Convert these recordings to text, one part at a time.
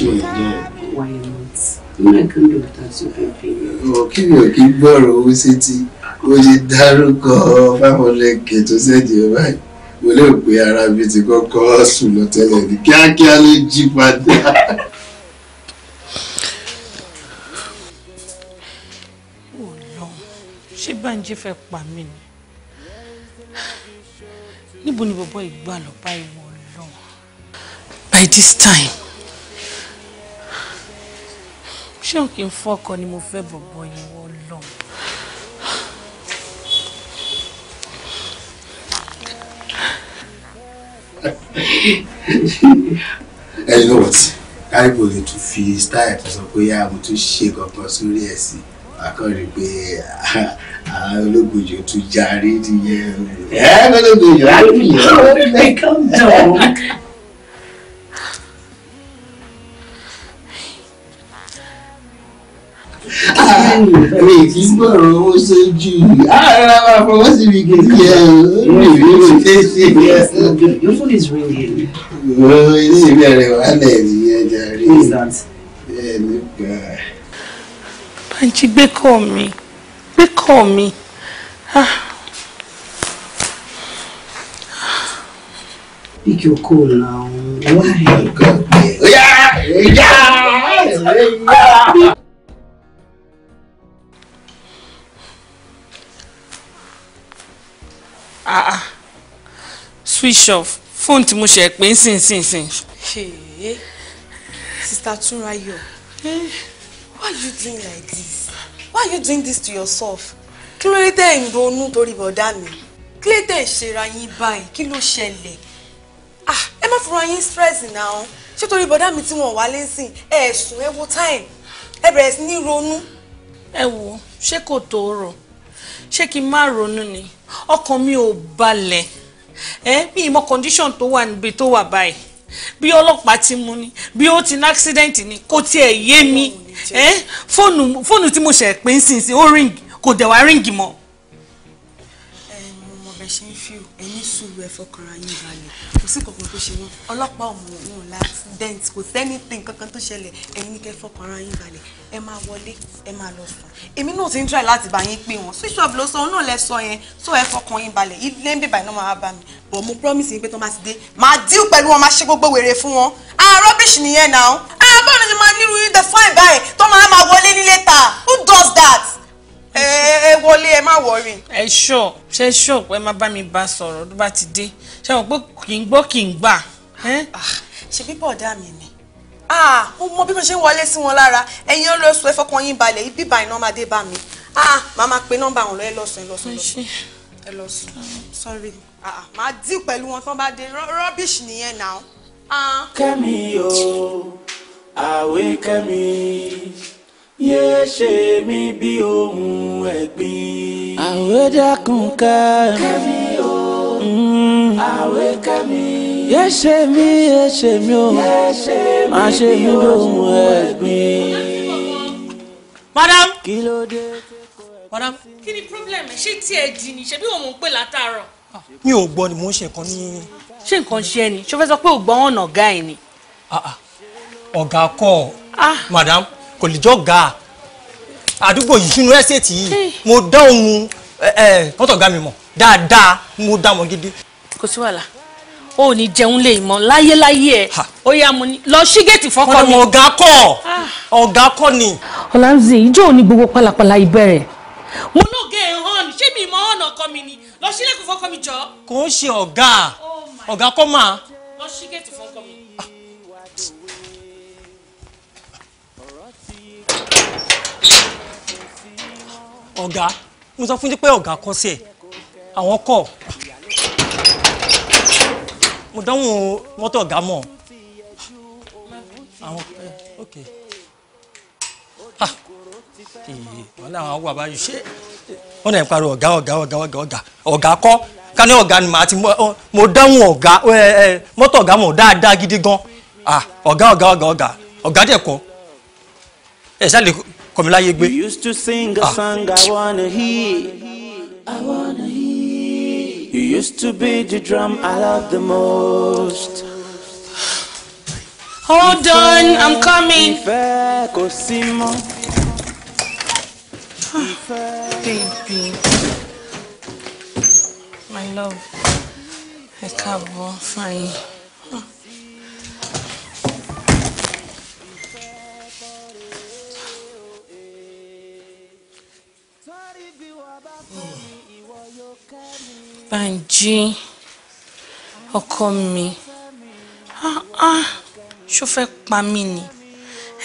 sure you're Why not? No, hmm. I can do without you helping me. Kí ni ò kí gbọ́rọ̀ owó sétí? Ó ṣe dárúkọ five hundred k tó ṣẹ̀dí ẹ̀ báyìí. Mo lérò pé ara mi ti kọ́kọ́ sùn lọ tẹ́lẹ̀ ní kíákíá ló jí padà. Ó oh, lọ, ṣé Bánjí fẹ́ pa mí ni? Níbo ni bọ̀bọ̀ ìgbà lọ bá ìwọ lọ? By this time ṣé òun kì í fọkọ ni mo fẹ́ bọ̀bọ̀ yẹn wọ́n lọ. ẹ ló wọ̀ tí káríbò lè tún fi style tó sọ pé yáa mo tún ṣe kankan sórí ẹ̀ sí akọrin pé àwọn olóògbòjò tún jarí nìyẹn ẹ olóògbòjò á nìyẹn. calm down. mi kì í gbọ̀rọ̀ owó sójú ara ah, wa fọwọ́ sí mi kì í yẹ mi rí mi fẹ́ ṣe yẹ. your phone is ringing. ooo ilé ìbẹ̀rẹ̀ wàhálà ènìyàn jàre. who is that. ẹ nípa. Banji gbé kọ́ mi gbé kọ́ mi. Ah. Pick your call now. Why? Yeah! Yeah! Yeah! Ah, ah, switch off fóònù tí mo ṣe pé ń sìn sìn sìn. sista Túnráyọ̀ why are you doing like this why are you doing this to yourself kí ló dé tẹ̀ ń ronú torí bọ̀dá mi kí ló dé tẹ̀ ṣera yín báyìí kí ló ṣẹlẹ̀ ah ẹ má fura yín stress náà ṣé torí bọ̀dá mi tí wọ́n wá lẹ́sìn ẹ sùn ẹ wo time ẹ bẹ̀rẹ̀ sí ní ronú. ẹ wo ṣé kò tó rọ ṣé kí n má ronú ni ọkàn mi ò balẹ̀ ẹ bí ìmọ̀ condition tó wà níbi tó wà báyìí bí ọlọ́pàá ti mú ni bí ó ti ní accident ni kò tiẹ̀ yé mi ẹ fóònù fóònù tí mo ṣẹ̀ pé ń sìn sí ó ríǹgì kò dẹ̀ wá ríǹgì mọ́ sùúrù ẹ fọkànra yín balẹ̀ kò sí kankan tó ṣe wọn ọlọ́pàá ò mọ̀ wọn la accident kò sẹ́nìtìn kankan tó ṣẹlẹ̀ ẹ̀yin kẹ́ fọkànra yín balẹ̀ ẹ máa wọlé ẹ máa lọ sùn èmi náà ti ń try láti bá yín pé wọn switch off ló sọ òun náà lẹ sọ yẹn so ẹ fọkàn yín balẹ̀ ilé ń bèbà iná máa bá mi but mo promise yín pé tó máa ti dé máa deal pẹ̀lú wọn máa ṣe gbogbo wèrè fún wọn ah rubbish nìyẹn náà ah bọ́ọ̀lù ni máa nírú yín the fine báyìí tó máa máa wọlé nílé ta who does that ẹ ẹ wọlé ẹ má wọrin. ẹ ṣọ ṣe ṣọ pé má bá mi bá sọ̀rọ̀ tó bá ti dé ṣe mọ̀ pé kì í gbọ́ kì í gbà. Ah, ṣe bí bọ̀dá mi ni ah, mo mọ bí mo ṣe ń wọlé sí wọn lára ẹ̀yin ọlọ́sùn ẹ fọkàn yín balẹ̀ ibi báyìí náà máa dé bá mi ah, màá máa pe nọ́mbà àwọn ọ̀rẹ́ lọ́sùn ẹ lọ́sùn lọ́sùn ẹ lọ́sùn sorry màá dì pẹ̀lú wọn tán bá dé rubbish nìyẹn náà. kẹ́mi o àwé kẹ́mi yé ṣe mí bí ohun ẹ̀gbin. àwẹ̀ dákun ká mi o mm. àwẹ̀ ká mi. yé ṣe mí yé ṣe mí o má ṣe mí bí ohun ẹ̀gbin. madam kí ló dé madam. kí ni problem ṣé tí ẹ di ni ṣebí òun ń pè látàárọ̀. mi ò gbọ́ ni mò ń ṣe nǹkan ní. ṣé nǹkan ṣe ni ṣó fẹ́ sọ pé ò gbọ́ ọ̀nà ọ̀gá ẹ̀ ni. Ah, ah. ọ̀gá kọ́ ah. madam. Ah kò lè jọ ga àdúgbò yìí sínú ẹ́sẹ̀tì yìí mo dá òun kọ́tọ̀gá mi mọ̀ dáadáa mo dá wọn gidi. kò sí wàhálà o ò ní jẹun lè mọ láyéláyé ẹ ó yá mu ni lọ sí géètì fọkọ mi. ọ̀gá kọ́ ah. ọ̀gá kọ́ ni. ọ̀làǹzì ìjọ ò ní gbogbo pálapàla ìbẹ̀rẹ̀. mo ló gé e hàn ṣé mi mọ ọ̀nà ọkọ mi ni lọ sílẹ̀kùn fọkọ mi jọ. kò ń ṣe ọ̀gá oh ọ̀gá kọ́ máa. lọ sí géètì fọkọ. ọ̀gá mo sọ fún yín pé ọ̀gá kọ́ sí ẹ̀ àwọn kọ̀ mo dánwò mọ́tò ọ̀gá mọ̀ àwọn ok na wọ́n ọga ọga báyìí ṣé wọ́n náà pariwo ọ̀gá ọ̀gá ọ̀gá ọ̀gá ọ̀gá ọ̀gá kọ́ ọ̀gá ni màá ti dánwò ọ̀gá mọ́tò ọ̀gá mọ̀ dáadáa gidi gan ah, ọ̀gá ọ̀gá ọ̀gá kọmiláyé gbé. you used to sing a ah. song i wanna hear i wanna hear you used to be the drum i love the most. hold on i'm coming. ìfẹ́ kò sí mọ́. baby my love ẹ káàbọ̀ fine. Bánjí ọkọ mi ah, ah, ṣó fẹ́ pa mí ni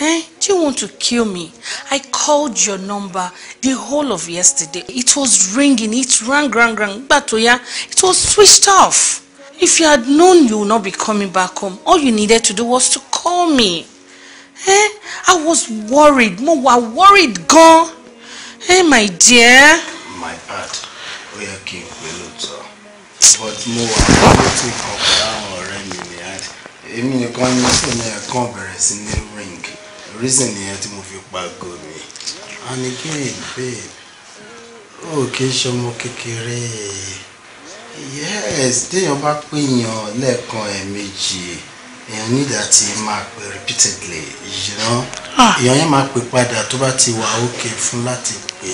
eh? do you want to kill me I called your number the whole of yesterday it was ringing it rang rang rang nígbà tó yá it was switched off if you had known you would not be coming back home all you needed to do was to call me eh? I was worried mo wà worried gan eh, my dear. my heart ó yẹ kí but mo wà lóòótì kan pẹ̀lú àwọn ọ̀rẹ́ mi ní àdì èmi nìkan ní fóònù ẹ̀ kàn bẹ̀rẹ̀ sí ní ring reason nìyẹn tí mo fi pa go mi and again babe o kì í ṣọmọ kékeré yes téèyàn bá pèèyàn lẹ́ẹ̀kan ẹ̀ẹ̀mejì èèyàn ní ìdàtí máa pè repeatedly you know ah. èèyàn yẹn máa pè padà tó bá ti wà ókè fún láti pè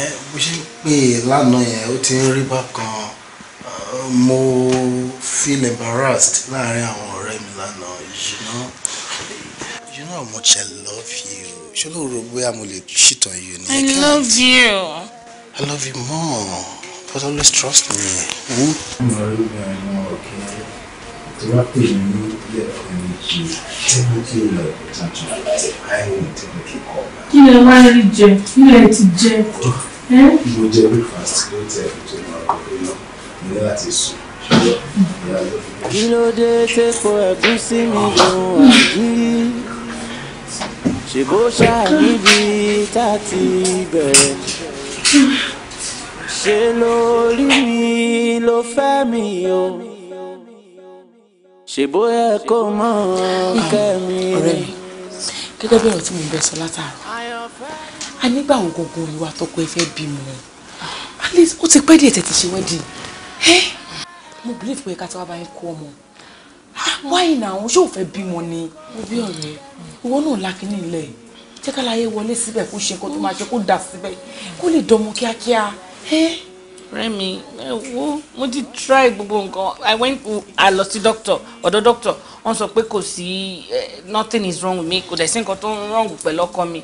ẹ bó ṣe ń pè lánàá yẹn ó ti ń rí bákan mo feel embarrassed láàrin àwọn ọ̀rẹ́ mi lánàá you know you know how much I love you ṣé ló rò bóyá mo lè ṣìtàn you ni. I love you. I love you more but always trust me. ọ̀rẹ́ mi àìmọ̀ ọ̀kẹ́ tí wàá pè mí ní ilé ẹ̀kọ́ méjì tí mo ti lọ ìtàjù àìwò tí mo kì í kọ́. kí rí jẹ kí lè ti jẹ. Oh, eh? mo jẹ breakfast ló tẹ ètò ìmọ̀ ọ̀gbìn náà ìyá láti sùn kí ló dé tẹ́kọ̀ ẹ̀gúsí mi dùn àjírí ṣèbó ṣàníbi tá a ti bẹ̀rẹ̀ ṣe lórí mi ló fẹ́ mi o ṣèbó yẹ kó mọ̀ kẹ́mi. ọ̀rẹ́ mi gẹ́gẹ́ bí ọ̀rọ̀ tí mo bẹ sọ látàárọ̀ a nígbà wo gbogbo ìwà tọkọ ẹ fẹ́ bímọ ó ti pẹ́ díẹ̀ tètè ṣe wedding. Eh? mo believe pé ká ti wá bá yín kó ọmọ wáyé náà àwọn ṣé ò fẹ́ bímọ ni mo bí ọ̀rẹ́ ìwọ náà lákínní ilẹ̀ jẹ́ ká láyé wọlé síbẹ̀ kó ṣe nǹkan tó máa ṣe kó dà síbẹ̀ kó lè dọmọ kíákíá. Eh? Rẹ́mi ẹ wo mo ti try gbogbo nǹkan I went I lọ sí doctor ọ̀dọ̀ doctor wọ́n sọ pé kò sí eh, nothing is wrong with me kò dẹ̀ sí nǹkan tó wrong pẹ̀lú ọkọ mi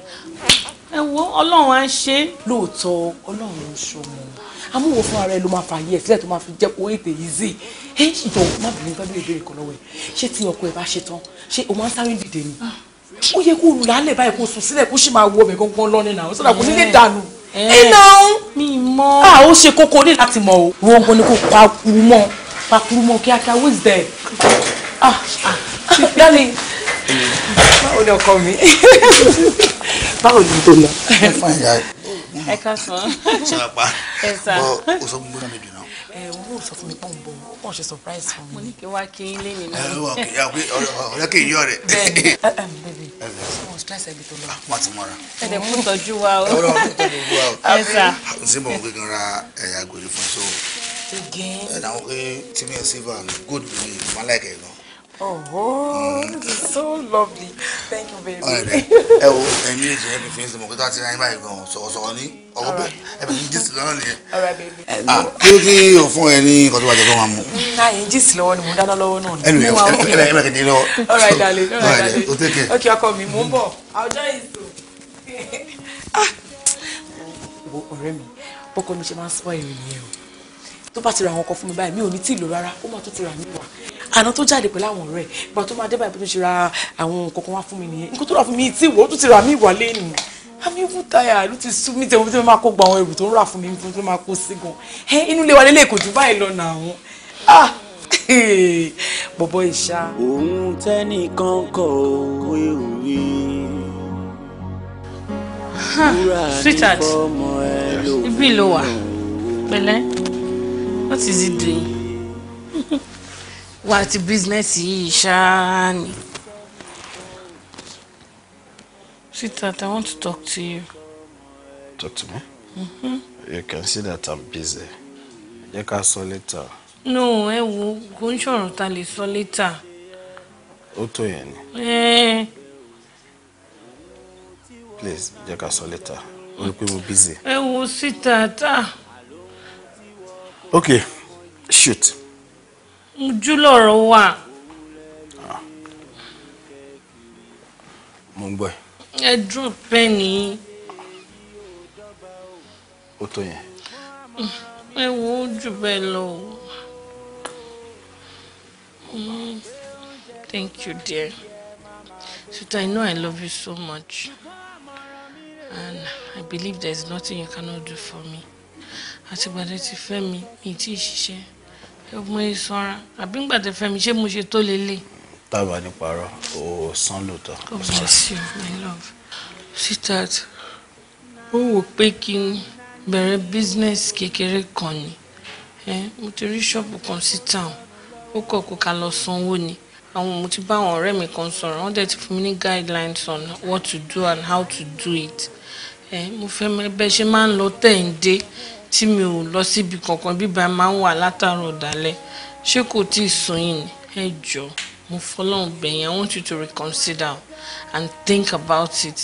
ẹ wo Ọlọ́run á ṣe. lóòótọ́ Ọlọ́run ń ṣọmọ amúwo fún ara ẹ ló máa fà yẹ sílẹ̀ tó máa fi jẹ́ kó ètè yìí zè é ìjọ má bìnrin fẹ́ bèrè ìbéèrè kan lọ́wọ́ ẹ ṣé tí ọkọ ẹ bá ṣe tán ṣé o máa ń sáré dìde ni ah. ó yẹ kó rùn lálẹ́ báyìí kó sùn sílẹ̀ kó sì máa wọ ẹ̀gbọ́n gbọ́n lọ́nà náà sọ́dà kò nílé dànù iná eh. mi mọ́ a ah, ó ṣe kókó ní láti mọ̀ o rọ́ngbọ́n ni kò pa kuru mọ́ pa kuru mọ́ kíákíá who is there ah ah, ah báwo ni ọkọ mi báwo ni ìdè lọ ẹ ká sàn. sọ̀rọ̀ pa bọ́ o sọ fún mi gbọ́dọ̀ mi dùn náà. ẹ n kò sọ fún mi pọ́n bọ́ ó kàn ṣe surprise fún mi. mo ní kí wá kí n lé mi náà. ẹ wà kí ọ̀rẹ́ kì yọ rẹ̀. bẹ́ẹ̀ni bẹ́ẹ̀ni stress ẹbí tó lọ. Ah, wọn ti mọra. ẹ dẹ̀ kú tọ́jú wa o. ẹ wọ́n tọ́jú n sì ra ẹ̀yà gòlì fún so. again. ẹ náà wọ́n pé tí mi ò sí bá a good believe Oh, this is so lovely. Thank you baby. much. Ẹ wo ẹ̀mí èjì ẹ̀mí fi ń sọ mọ̀ pé tó àti ẹ̀yìn báyìí gan-an sọ̀rọ̀sọ̀rọ̀ ní ọwọ́ bẹ́ẹ̀ ẹ̀mí ń jísì lọ́wọ́ nìyẹn. Ah, kí ló dé o fún ẹ ní nǹkan tó bá jẹ fún wa mu? Ayé ń jísì lọ́wọ́ ni mo ń dáná lọ́wọ́ náà ni. Ẹnu All right, darling. All right, darling. Okay, ọkọ mi, mò ń bọ̀. Àwùjọ ah. ìsò. Ọ̀rẹ́ mi, bọ́kọ mi ṣe máa ń sọ ìrìn yẹn tó bá ti ra àwọn ọkọ fún mi báyìí mi ò ní tí ì lò rárá ó máa tún ti rà mí wá àná tó jáde pẹ̀lú àwọn ọ̀rẹ́ ìgbà tó máa dé báyìí tó ṣe ra àwọn nǹkan wá fún mi nìyẹn nǹkan tó rà fún mi tí ìwọ ó tún ti rà mí wálé nì àmì ìwú táyà ló ti sú mi tẹ̀wọ́n tó máa kó gba àwọn ẹrù tó ń rà fún mi tó máa kó sí gan ẹ inú ilé wa lélẹ̀ kò jù báyìí lọ nà àwọn ah! bọ̀bọ̀ ìṣá. òun tẹ́nìkan kọ̀ òwe òwe wúrà ní fọmọ ẹ ló wà pẹ̀lẹ́. What is he doing? Wá ti business yìí ṣáá ni. Sweetheart, I want to talk to you. Talk to me? Mm-hmm. You can see that I'm busy. You can sọ later. No, I wo, kò ń ṣọ̀rọ̀ ta lè sọ later. Ó tó yẹn ni. Eh. Please, yẹ ká sọ later. O rí pé mo busy. Ẹ wo sweetheart. Ah okay shoot. ojú lọ̀rọ̀ wà. Ah. mo ń gbọ́ ẹ. ẹ dùn bẹ́ẹ̀ ni. ó tó yẹn. ẹ wo ojú bẹ́ẹ̀ lọ. Mm. thank you dear. Sweet, I know I love you so much. And I believe there's nothing you cannot do for me àtìgbàdé ti fẹ́ mi mi tí ṣiṣẹ́ mo yẹ sanra àbí gbàdé fẹ́ mi ṣé mo ṣe tó lélẹ̀. tábà ní parọ́ o san lóòótọ́. God bless you my love sweetheart ó wò pé kí n bẹ̀rẹ̀ business kékeré kan ni mo ti rí ṣọ́ọ̀bù kan sí town ó kọ̀ kó ká lọ sanwó ni àwọn mo ti bá àwọn ọ̀rẹ́ mi kan sọ̀rọ̀ wọ́n dẹ̀ ti fún mi ní guidelines on what to do and how to do it mo fẹ́ bẹ́ẹ̀ ṣe máa ń lọ tẹ̀ ń dé tí mi ò lọ síbi kankan bíbá máa ń wà látàárọ̀ dalẹ́ ṣé kò tí ì sún yìí ni ẹ jọ mo fọlọ́run bẹ̀yìn i want you to reconsider and think about it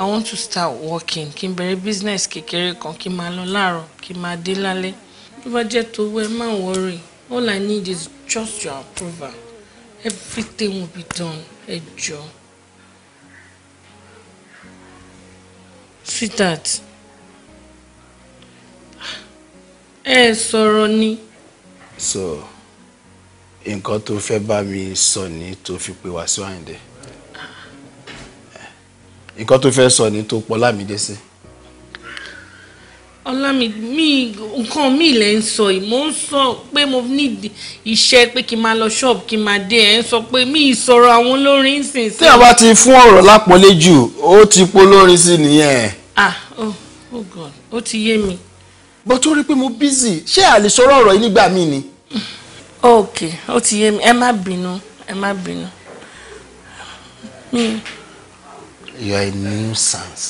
i want to start working kí n bẹ̀rẹ̀ business kékeré kan kí n máa lọ láàárọ̀ kí n máa dé lálẹ́ bí wọ́n jẹ́ tó wẹ́ má worry all i need is just your approval everything will be done ẹ jọ. sweetheart. ẹ sọ̀rọ̀ ni. so nǹkan tó fẹ́ bá mi sọ ni tó fi pè wá sí Àyìndé eh, nǹkan tó fẹ́ sọ ni tó pọ̀ Lámídé sí. Ọlámídé nǹkan mi lè ń sọ yìí mo ń sọ pé mo ní iṣẹ́ pé kí n máa lọ ṣọ́ọ̀bù kí n máa dé ẹ̀ ń sọ pé mi ìsọ̀rọ̀ àwọn olórin sìn sí. tí a bá ti fún ọ̀rọ̀ lápọ́nlé jù ó ti polórin sí nìyẹn. ah oh, oh god ó ti yé mi bó tó rí pé mo bízì ṣé a lè sọ̀rọ̀ ọ̀rọ̀ yìí nígbà míì ni. ok ó ti yé mi ẹ má bínú ẹ má bínú. you are a nuisance.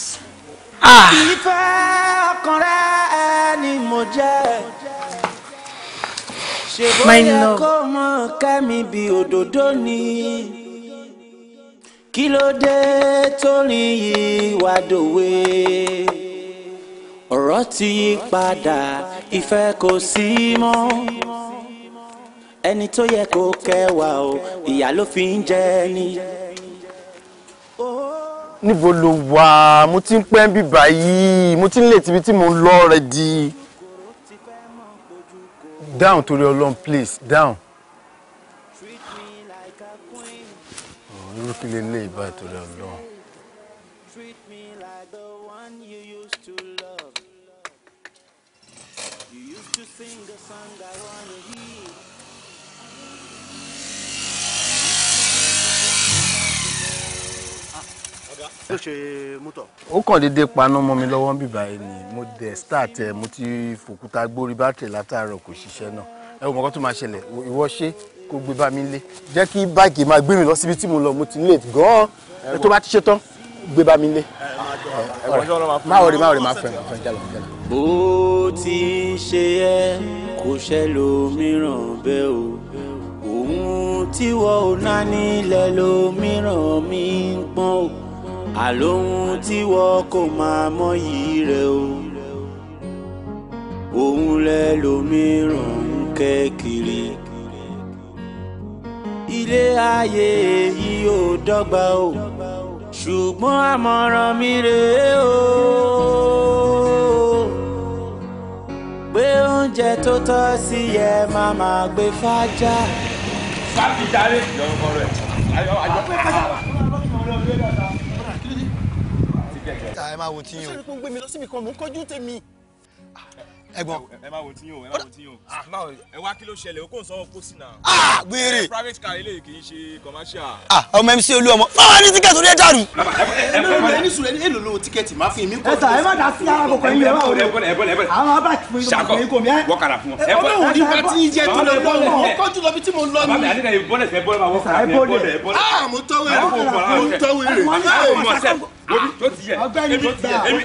Ah. ìfẹ́ ọkànrẹ́ ẹni mo jẹ́ ṣe bóyá kí ló dé tó ìwà dòwe ọ̀rọ̀ ti yí padà ìfẹ́ kò sí mọ́ ẹni tó yẹ kó kẹwàá o ìyá ló fi ń jẹ ni. níbo ló wà mo ti ń pẹ́ ń bì báyìí mo ti ń lè tibi tí mo ń lọ rẹ di. down torí ọlọ́run please down. irú kí lè lé ìbá torí ọlọ́run. ló ṣe mọ́tò. ó kàn dédé paná mọ́ mi lọ́wọ́ bíbá yìí ni mo dẹ̀ start ẹ̀ mo ti fòkúta gbórí bátìrì látàárọ̀ kò ṣiṣẹ́ náà ẹ wò mọ́kàn tó máa ṣẹlẹ̀ ìwọ ṣe kó gbé bá mi lé jẹ́ kí báàgì máa gbé mi lọ síbi tí mo lọ mo ti late gan-an tó bá ti ṣe tán gbé bá mi lé. má wọrí má wọrí má fẹ́ fẹ́ jálọ jálọ. bó ti ń ṣe ẹ kò ṣe lómìíràn bẹ́ẹ̀ o ohun tí ò ná nílẹ̀ lómìíràn mi ń pọ́n o àlóhun tí wọ́n kò máa mọyì rẹ̀ o òun lẹ lómìíràn ń kẹ́ kiri ilé ayé èyí ò dọ́gba o ṣùgbọ́n àmọ̀ràn mi rèé o pé oúnjẹ tó tọ́ sí ẹ máa máa gbé fájá. fáfi darí lọ́rùkọ rẹ̀ ayọ̀ ayọ̀ ẹ máa wo tí yín o. ṣé o rí ń gbé mi lọ síbi kan mò ń kọjú tèmi ẹ̀gbọ́n. ẹ má wo tí yín o ẹ má wo tí yín o ẹ wá kí ló ṣẹlẹ̀ o kò sọ ọkọ sí náà. a gbére. private car eléyìí kì í ṣe commercial. a ọmọ mc olú ọmọ fáwọn ní tíkẹ́ẹ̀tì orí ẹ dàrú. ẹ ẹ ní sùúrù èlò ló tíkẹ́ẹ̀tì máa fi mí kọ́. ẹ ta ẹ má dá sí ara kọkọ yín ẹ má wọlé. ẹbọn ẹbọn ẹbọn àwọn abá ti fún yín kọkọ yín kò mí ẹ. wọ́kàrà fún wọn. ẹbọn òní bá ti ń jẹ tó lọ bọ́ mi kọ́jú lọ bí tí mo lọ ni. bàbá mi àdínà ìbọ́lẹ̀ fẹ́ bọ́lẹ̀ máa wọ́kàrà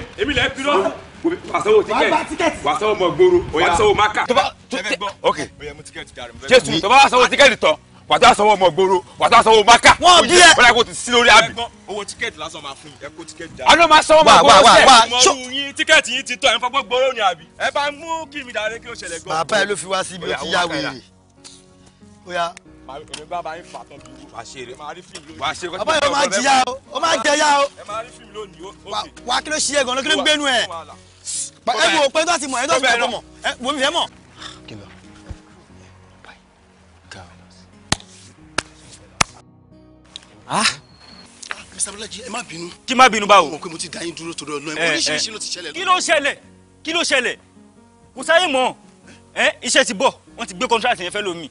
fún ẹ bọ́lẹ̀ wàsánwó tíkẹ́ẹ̀tì wàsánwó mọ̀ gbòòrò òyà sánwó máka. ok jésù tó bá wàsánwó tíkẹ́ẹ̀tì tán wàtá sanwó ọmọ gbòòrò wàtá sanwó máka. wọn bí ẹ wọn kò ti sí lórí àbí. owó tíkẹ́ẹ̀tì lásán máa fún yín ẹ kó tíkẹ́ẹ̀tì dára. àná máa sanwó máa gbòòrò sẹ. mọ̀rú yín tíkẹ́ẹ̀tì yín ti tọ́ ẹ̀ ń fọgbọ́ gbòòrò ni àbí. ẹ bá mú kí mi dàrẹ́ kí o ṣẹlẹ̀ gan. bàbá ẹ ló fi wá síbi ó ti yá wèrè. bóyá èmi bá bá yín fà tọ́ bí wà á ṣeré wà á rí fíìmù lónìí. máa jìyà o ó máa jẹyà o. ẹ máa rí fíìmù lónìí. wà á kí ló ṣe é gan-an ẹ wò ó pé tó ti mọ̀ ẹ tó ti mọ̀ ẹ wò mí fẹ́ mọ̀. ah mr bolaji ẹ má bínú. kí má bínú báwo. mo pe mo ti dá yín dúró torí ọlọ́run ẹ eh, oríṣiríṣi eh. ló ti ṣẹlẹ̀. kí ló ṣẹlẹ̀ kí ló ṣẹlẹ̀ kò sáyé mọ́ ẹ eh, iṣẹ́ ti bọ̀ wọ́n ti gbé kọ́ńtrátì yẹn fẹ́ lómi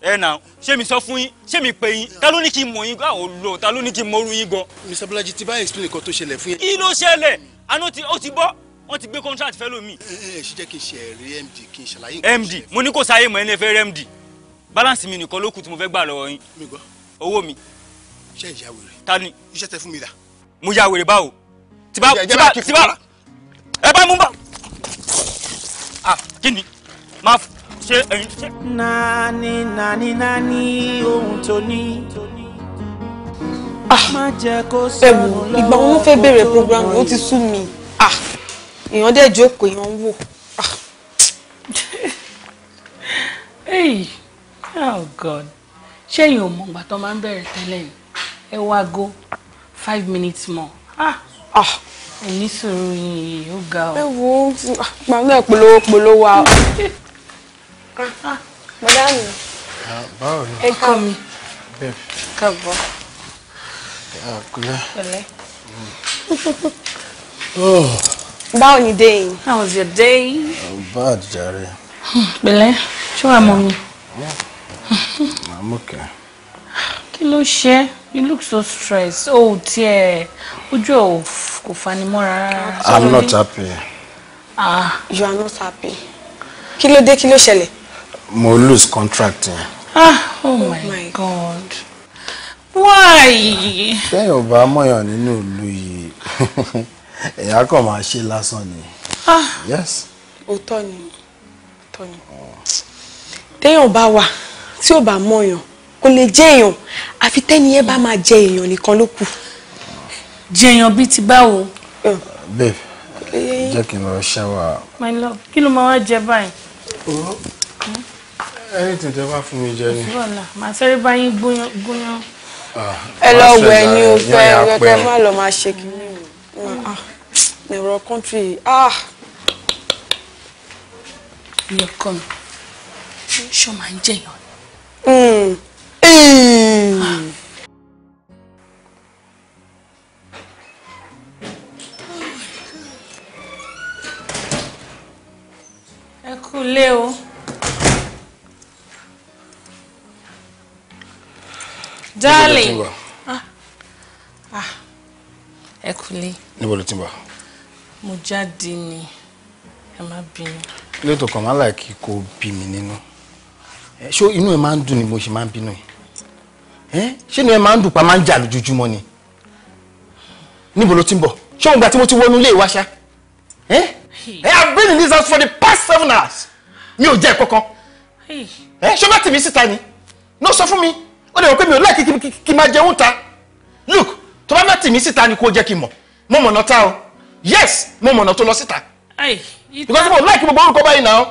ẹ nà ṣé mi sọ fún yín ṣé mi pè yín ta ló ní kí n mọ̀ yín gbà ó lọ ta ló ní kí n mọ̀ orú yín gan. mr bolaji ti bá explain nǹkan tó ṣẹlẹ̀ fún yín. kí ló ṣẹlẹ̀ àná ó ti bọ́ wọ́n ti gbé contract fẹ́ lómi. ẹ ṣe jẹ́ kí n ṣe ẹ̀rí md kí n ṣàlàyé. md mo ní kò sáyé mọ́ ẹni ẹ fẹ́ rí md balance mi nìkan ló kù tí mo fẹ́ gbà lọ́wọ́ yín. mi gbọ́. owó mi. iṣẹ́ ìyá wèrè. ta ni. iṣẹ́ tẹ fún mi rà. mo ya wèrè báwo. tí bá tí ẹ bá mú bá. ah kí ni máa ṣe ẹyin. nani nani nani ohun tó ní. ẹ wo ìgbà wọn fẹ́ bẹ̀rẹ̀ program yìí ó ti sú mi èèyàn dẹ̀ jókòó èèyàn wò. oh god ṣé èèyàn ò mọ ìgbà tó máa ń bẹ̀rẹ̀ tẹ́lẹ̀ yìí ẹ wá go five minutes more ah, ah, ẹ ní sùúrù yìí ó ga ọ. ẹ wo pàlọ́ ìpolówó polówó a. bọ́dá ah, mi báwo ni. ẹ kọ́ mi káàbọ̀. kúlẹ̀. kúlẹ̀ báwo your day how was your day. I'm oh, bad Jerry. Hmm, pẹ̀lẹ́ show wàá mọ mi. I'm okay. Kilo ló you look so stressed oh, tiẹ̀ ojú ò kò fani mọ́ra I'm not happy. ah you are not happy. Kilo De, Kilo kí ló ṣẹlẹ̀. mo lose contract ah oh, oh my, my god. god. why. sẹ́yìn ò bá mọ̀yàn nínú ìlú yìí. ẹ̀yà kan máa ṣe lásán ni. Ah, yes. òótọ́ ni òótọ́ ni téèyàn bá wà tí ò bá mọ̀yàn kò lè jẹ́ èèyàn àfi tẹ́ni ẹ bá máa jẹ èèyàn nìkan ló kù. jẹyàn bíi ti báwo. babe jẹ́ kí n lọ ṣáwà. my love kí ló máa wá jẹ báyìí. ẹni hmm? tí ìjọba fún mi jẹ ni. màá sẹ́rí báyìí gúnyán. ẹ lọ wẹ̀ ni o fẹ́ ẹ wẹ́ ká má lọ máa ṣe kí ni o. Ah ọ̀rọ̀ country ah. mi ò show my ṣó máa ń jẹyàn. Hmm. Hmm. ẹ darling. ah ah ẹ kú lé. níbo ló mo jáde ni ẹ má bínú. lóòótọ́ kan máa láìkí kó bí mi nínú ṣó inú ẹ máa ń dùn ni mo ṣe máa ń bínú yìí ṣé inú ẹ máa ń dùn pa máa ń jà lójoojúmọ́ ni níbo ló ti ń bọ̀ ṣé òun gba tí mo ti wọnú ilé ìwá ṣá ẹ I've been in this house for the past seven hours mi ò jẹ́ ẹ̀kọ́ kan ṣé má tìmí síta ni ní o sọ fún mi ó lè rò pé mi ò láì kí kí máa jẹun ta look tó bá má tìmí síta ni kó jẹ́ kí n mọ̀ mo mọ̀nà ta o yes mo mọ̀nà tó lọ síta because mo like gbogbo orúkọ báyìí náà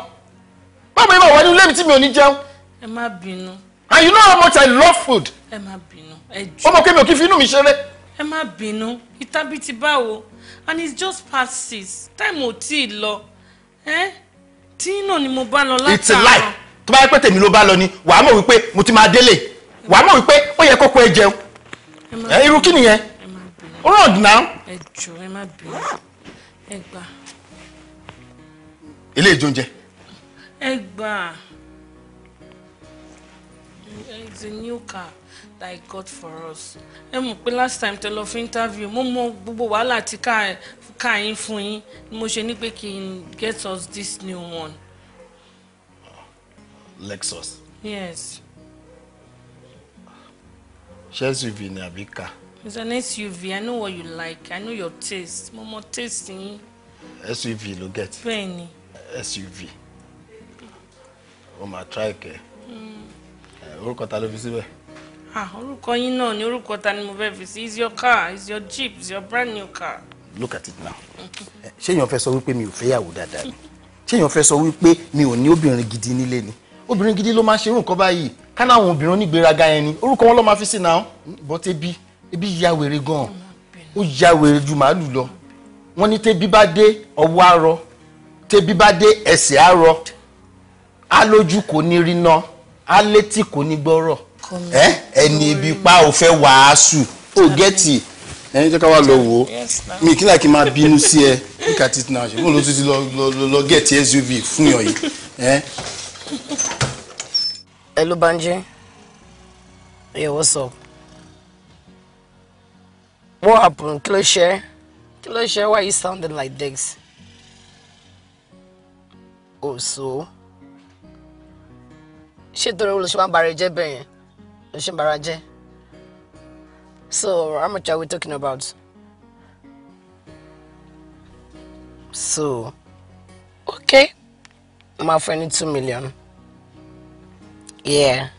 báwo ni mo wà nínú lẹ́mi tí mi ò ní jẹun. ẹ má bínú. and you know how much I love food. ẹ má bínú ẹ jù. ọmọ kẹ́mi ò kí fi inú mi ṣeré. ẹ má bínú ìtàbí ti báwo and it's just past six time ò tí ì lọ tí náà ni mo bá lọ látàárọ̀. it's a lie tó bá yẹ pé tèmi ló bá lọ ni wàá mọ̀ wípé mo ti máa délé wàá mọ̀ wípé ó yẹ kókó ẹ jẹun irú kí nìyẹn wrong now. ẹ jọ ẹ má bínú ẹ gbà. ilé ìjọ it's a new car that I got for us. ẹ last time tẹ lọ interview mo mọ gbogbo wàhálà tí ká yín fún yín ni mo ṣe ní pé kí get us this new one. Lexus. yes. ṣé SUV ni àbí car. It's an SUV. I know what you like. I know your taste. Mo mọ taste yín. SUV ló get. Bẹ́ẹ̀ni. SUV. O máa try kẹ. Hmm. Eh, orúkọ ta ló fi síbẹ̀? Ah, orúkọ yín náà ni orúkọ ta ni mo fẹ́ fi sí. It's your car, it's your jeep, it's your brand new car. Look at it now. Eh, ṣé èèyàn fẹ́ sọ wípé mi ò fẹ́yàwó dáadáa ni? Ṣé èèyàn fẹ́ sọ wípé mi ò ní obìnrin gidi nílé ni? Obìnrin gidi ló máa ń ṣerú nǹkan báyìí. Ká náà àwọn obìnrin onígbéraga yẹn ni. Orúkọ wọn ló máa fi sí náà. Bọ́tẹ́ bíi ebi ya wèrè gan ó ya wèrè ju màálù lọ wọ́n ní tẹbi bá dé ọwọ́ arọ tẹbi bá dé ẹsẹ̀ arọ á lójú kò ní rí ná á létí kò ní gbọ́rọ̀ ẹni ibi pa ò fẹ́ wàásù ó gẹtì ẹni jẹ́ ká wá lọ wò ó mi kí láì máa bínú sí ẹ ní tí náà ṣe mo lọ tún ti lọ gẹ̀ẹ́tì SUV fún yàn yìí. ẹ ló bá ń jẹ́ yeah what's up. What happened? Closure? Closure, why are you sounding like this? Oh, so? she don't olùṣọ́ máa ń bàrẹ̀ jẹ́ bẹ́ẹ̀ yẹn olùṣọ́ so how much are we talking about so okay my friend, two million yeah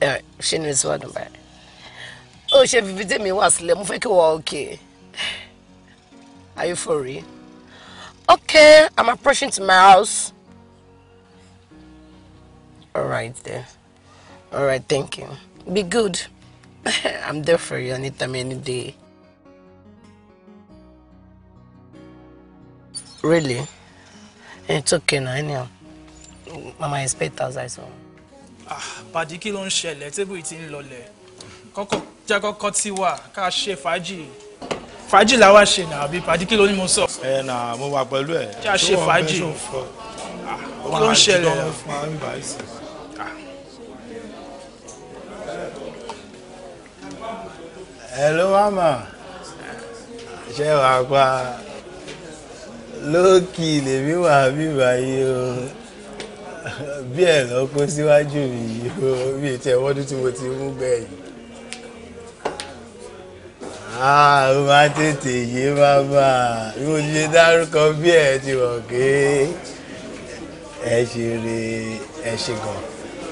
eh, ṣé ní ìsúwádùn báyìí ó ṣe fífi tèmi wá sílẹ̀ mo fẹ́ kí wọ́n okay are you for real okay I'm approaching to my house Alright, right then all thank you be good I'm there for you anytime any day. Really? Eh, it's okay now, anyhow. Mama, expect us, I saw. Ah, pàdí kí ló ń ṣẹlẹ̀, tébù yìí ti ń lọlẹ̀ kọ́kọ́ jẹ́ kọ́kọ́ tí wà ká ṣe fàájì fàájì làwa ṣe nà àbí pàdé kí ló ní mo sọ. ẹ nà mo wà pẹ̀lú ẹ̀. kí a ṣe fàájì ah, kí ló ń ṣẹlẹ̀. hello mama ṣe wà pa lókì lèmi wà bíbá yìí o bí ẹ lọ kó síwájú mi yìí o bí ètò ẹwọ́dún tí mo ti mú gbẹ̀yìn. Ah, ó máa tètè yé bàbá bí mo ṣe dárúkọ bí ẹ ti wọ̀ pé ẹ ṣe re ẹ ṣe gan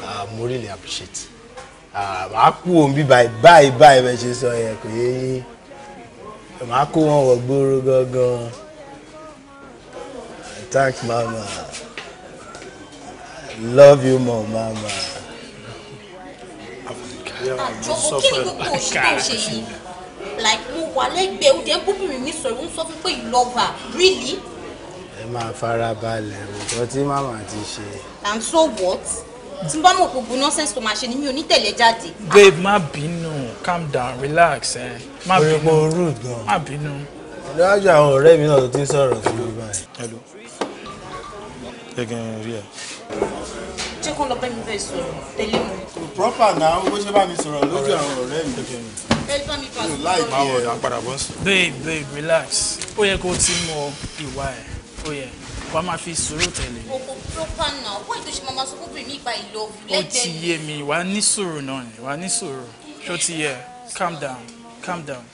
ah, mo really appreciate ah, màá kú òun bí báyìí báyìí báyìí bẹ́ẹ̀ ṣe sọ yẹn kò yé yín màá kó wọn wọ̀ gbòòrò gangan thanks mama I love you more mama. àjọ kí ni gbogbo òṣìṣẹ́ ìṣe yìí like mo wà lẹ́gbẹ̀ẹ́ ó dé bóbìnrin mi sọ̀rọ̀ ń sọ fún pé you love her really. ẹ máa fara balẹ̀ nǹkan tí màmá ti ṣe. and so what tí n bá mọ̀ pé gbóná sẹ́ńsì tó máa ṣe ni mi ò ní tẹ̀lé jáde. babe má bínú calm down relax eh? má bínú mo rude gan má bínú. ìdájọ́ àwọn ọ̀rẹ́ mi náà ti sọ̀rọ̀ sí mi báyìí. hello. ẹ gẹ́gẹ́ rí ẹ jẹ́ kó lọ bẹ́ mi bẹ́ẹ̀ sọ̀rọ̀ tẹ̀lé mi. kò náà bó ṣe bá mi sọ̀rọ̀ lójú àwọn ọ̀rẹ́ mi. ẹ bá mi bá sọ̀rọ̀ máa wọ̀ ọ̀dà padà bọ́ sí. babe babe relax ó yẹ kó o ti mọ ìwà ẹ̀ ó yẹ wàá máa fi sùúrù tẹ̀lé. o proper náà wọ́n ètò ṣe máa ma sọ fún bèmí ìgbà ìlọ lẹ́gbẹ̀ẹ́. ó ti yé mi wàá ní sùúrù náà ni wàá ní sùúrù ṣó ti yẹ calm down calm down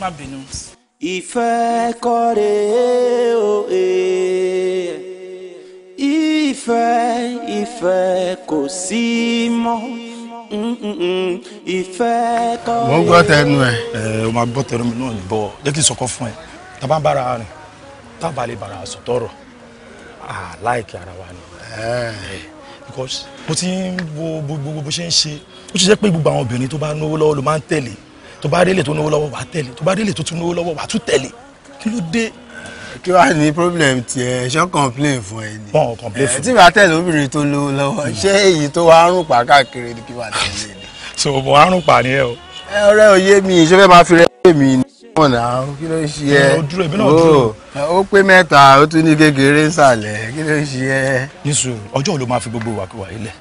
má bínú. ìfẹ́ kọ́re eh. ó èè ìfẹ́ ìfẹ́ kò sí mọ́ ìfẹ́ tó mo ń gbọ́ tẹnu ẹ. ẹ o máa gbọ́ tẹnu mi náà ní bọ́ jẹ́ n sọkọ fún ẹ tá a bá ń bára rìn tá a ara wa ni. Eh, because mo ti ń wo gbogbo bó ṣe ń ṣe ó ṣe pé gbogbo àwọn obìnrin tó bá náwó lọ́wọ́ ló máa ń tẹ̀lé tó bá délé tó náwó lọ́wọ́ wàá tẹ̀lé tó bá délé tó tún náwó lọ́wọ́ wàá tún tẹ̀lé kí ló dé kí wàá ní problem tiẹ̀ ṣọ́ complain fún ẹ ni. bọ́n complain eh, fún mi. tí bá tẹ̀lé obìnrin tó lówó lọ́wọ́ hmm. ṣé èyí tó wá rùn pa káàkiri ni kí wàá tẹ̀lé ni. so mo wá rùn pa ni ẹ o. ẹ ọ̀rẹ́ òye mi ṣé fẹ́ máa fi rẹ pé mi ní ọ̀nà kí ló ń ṣe ẹ. o dúró èmi náà dúró. ó pé mẹ́ta ó tún ní kékeré nsàlẹ̀ kí ló ń ṣe ẹ. níṣu ọjọ́ ló máa fi gbogbo wàkíwà yìí lẹ̀.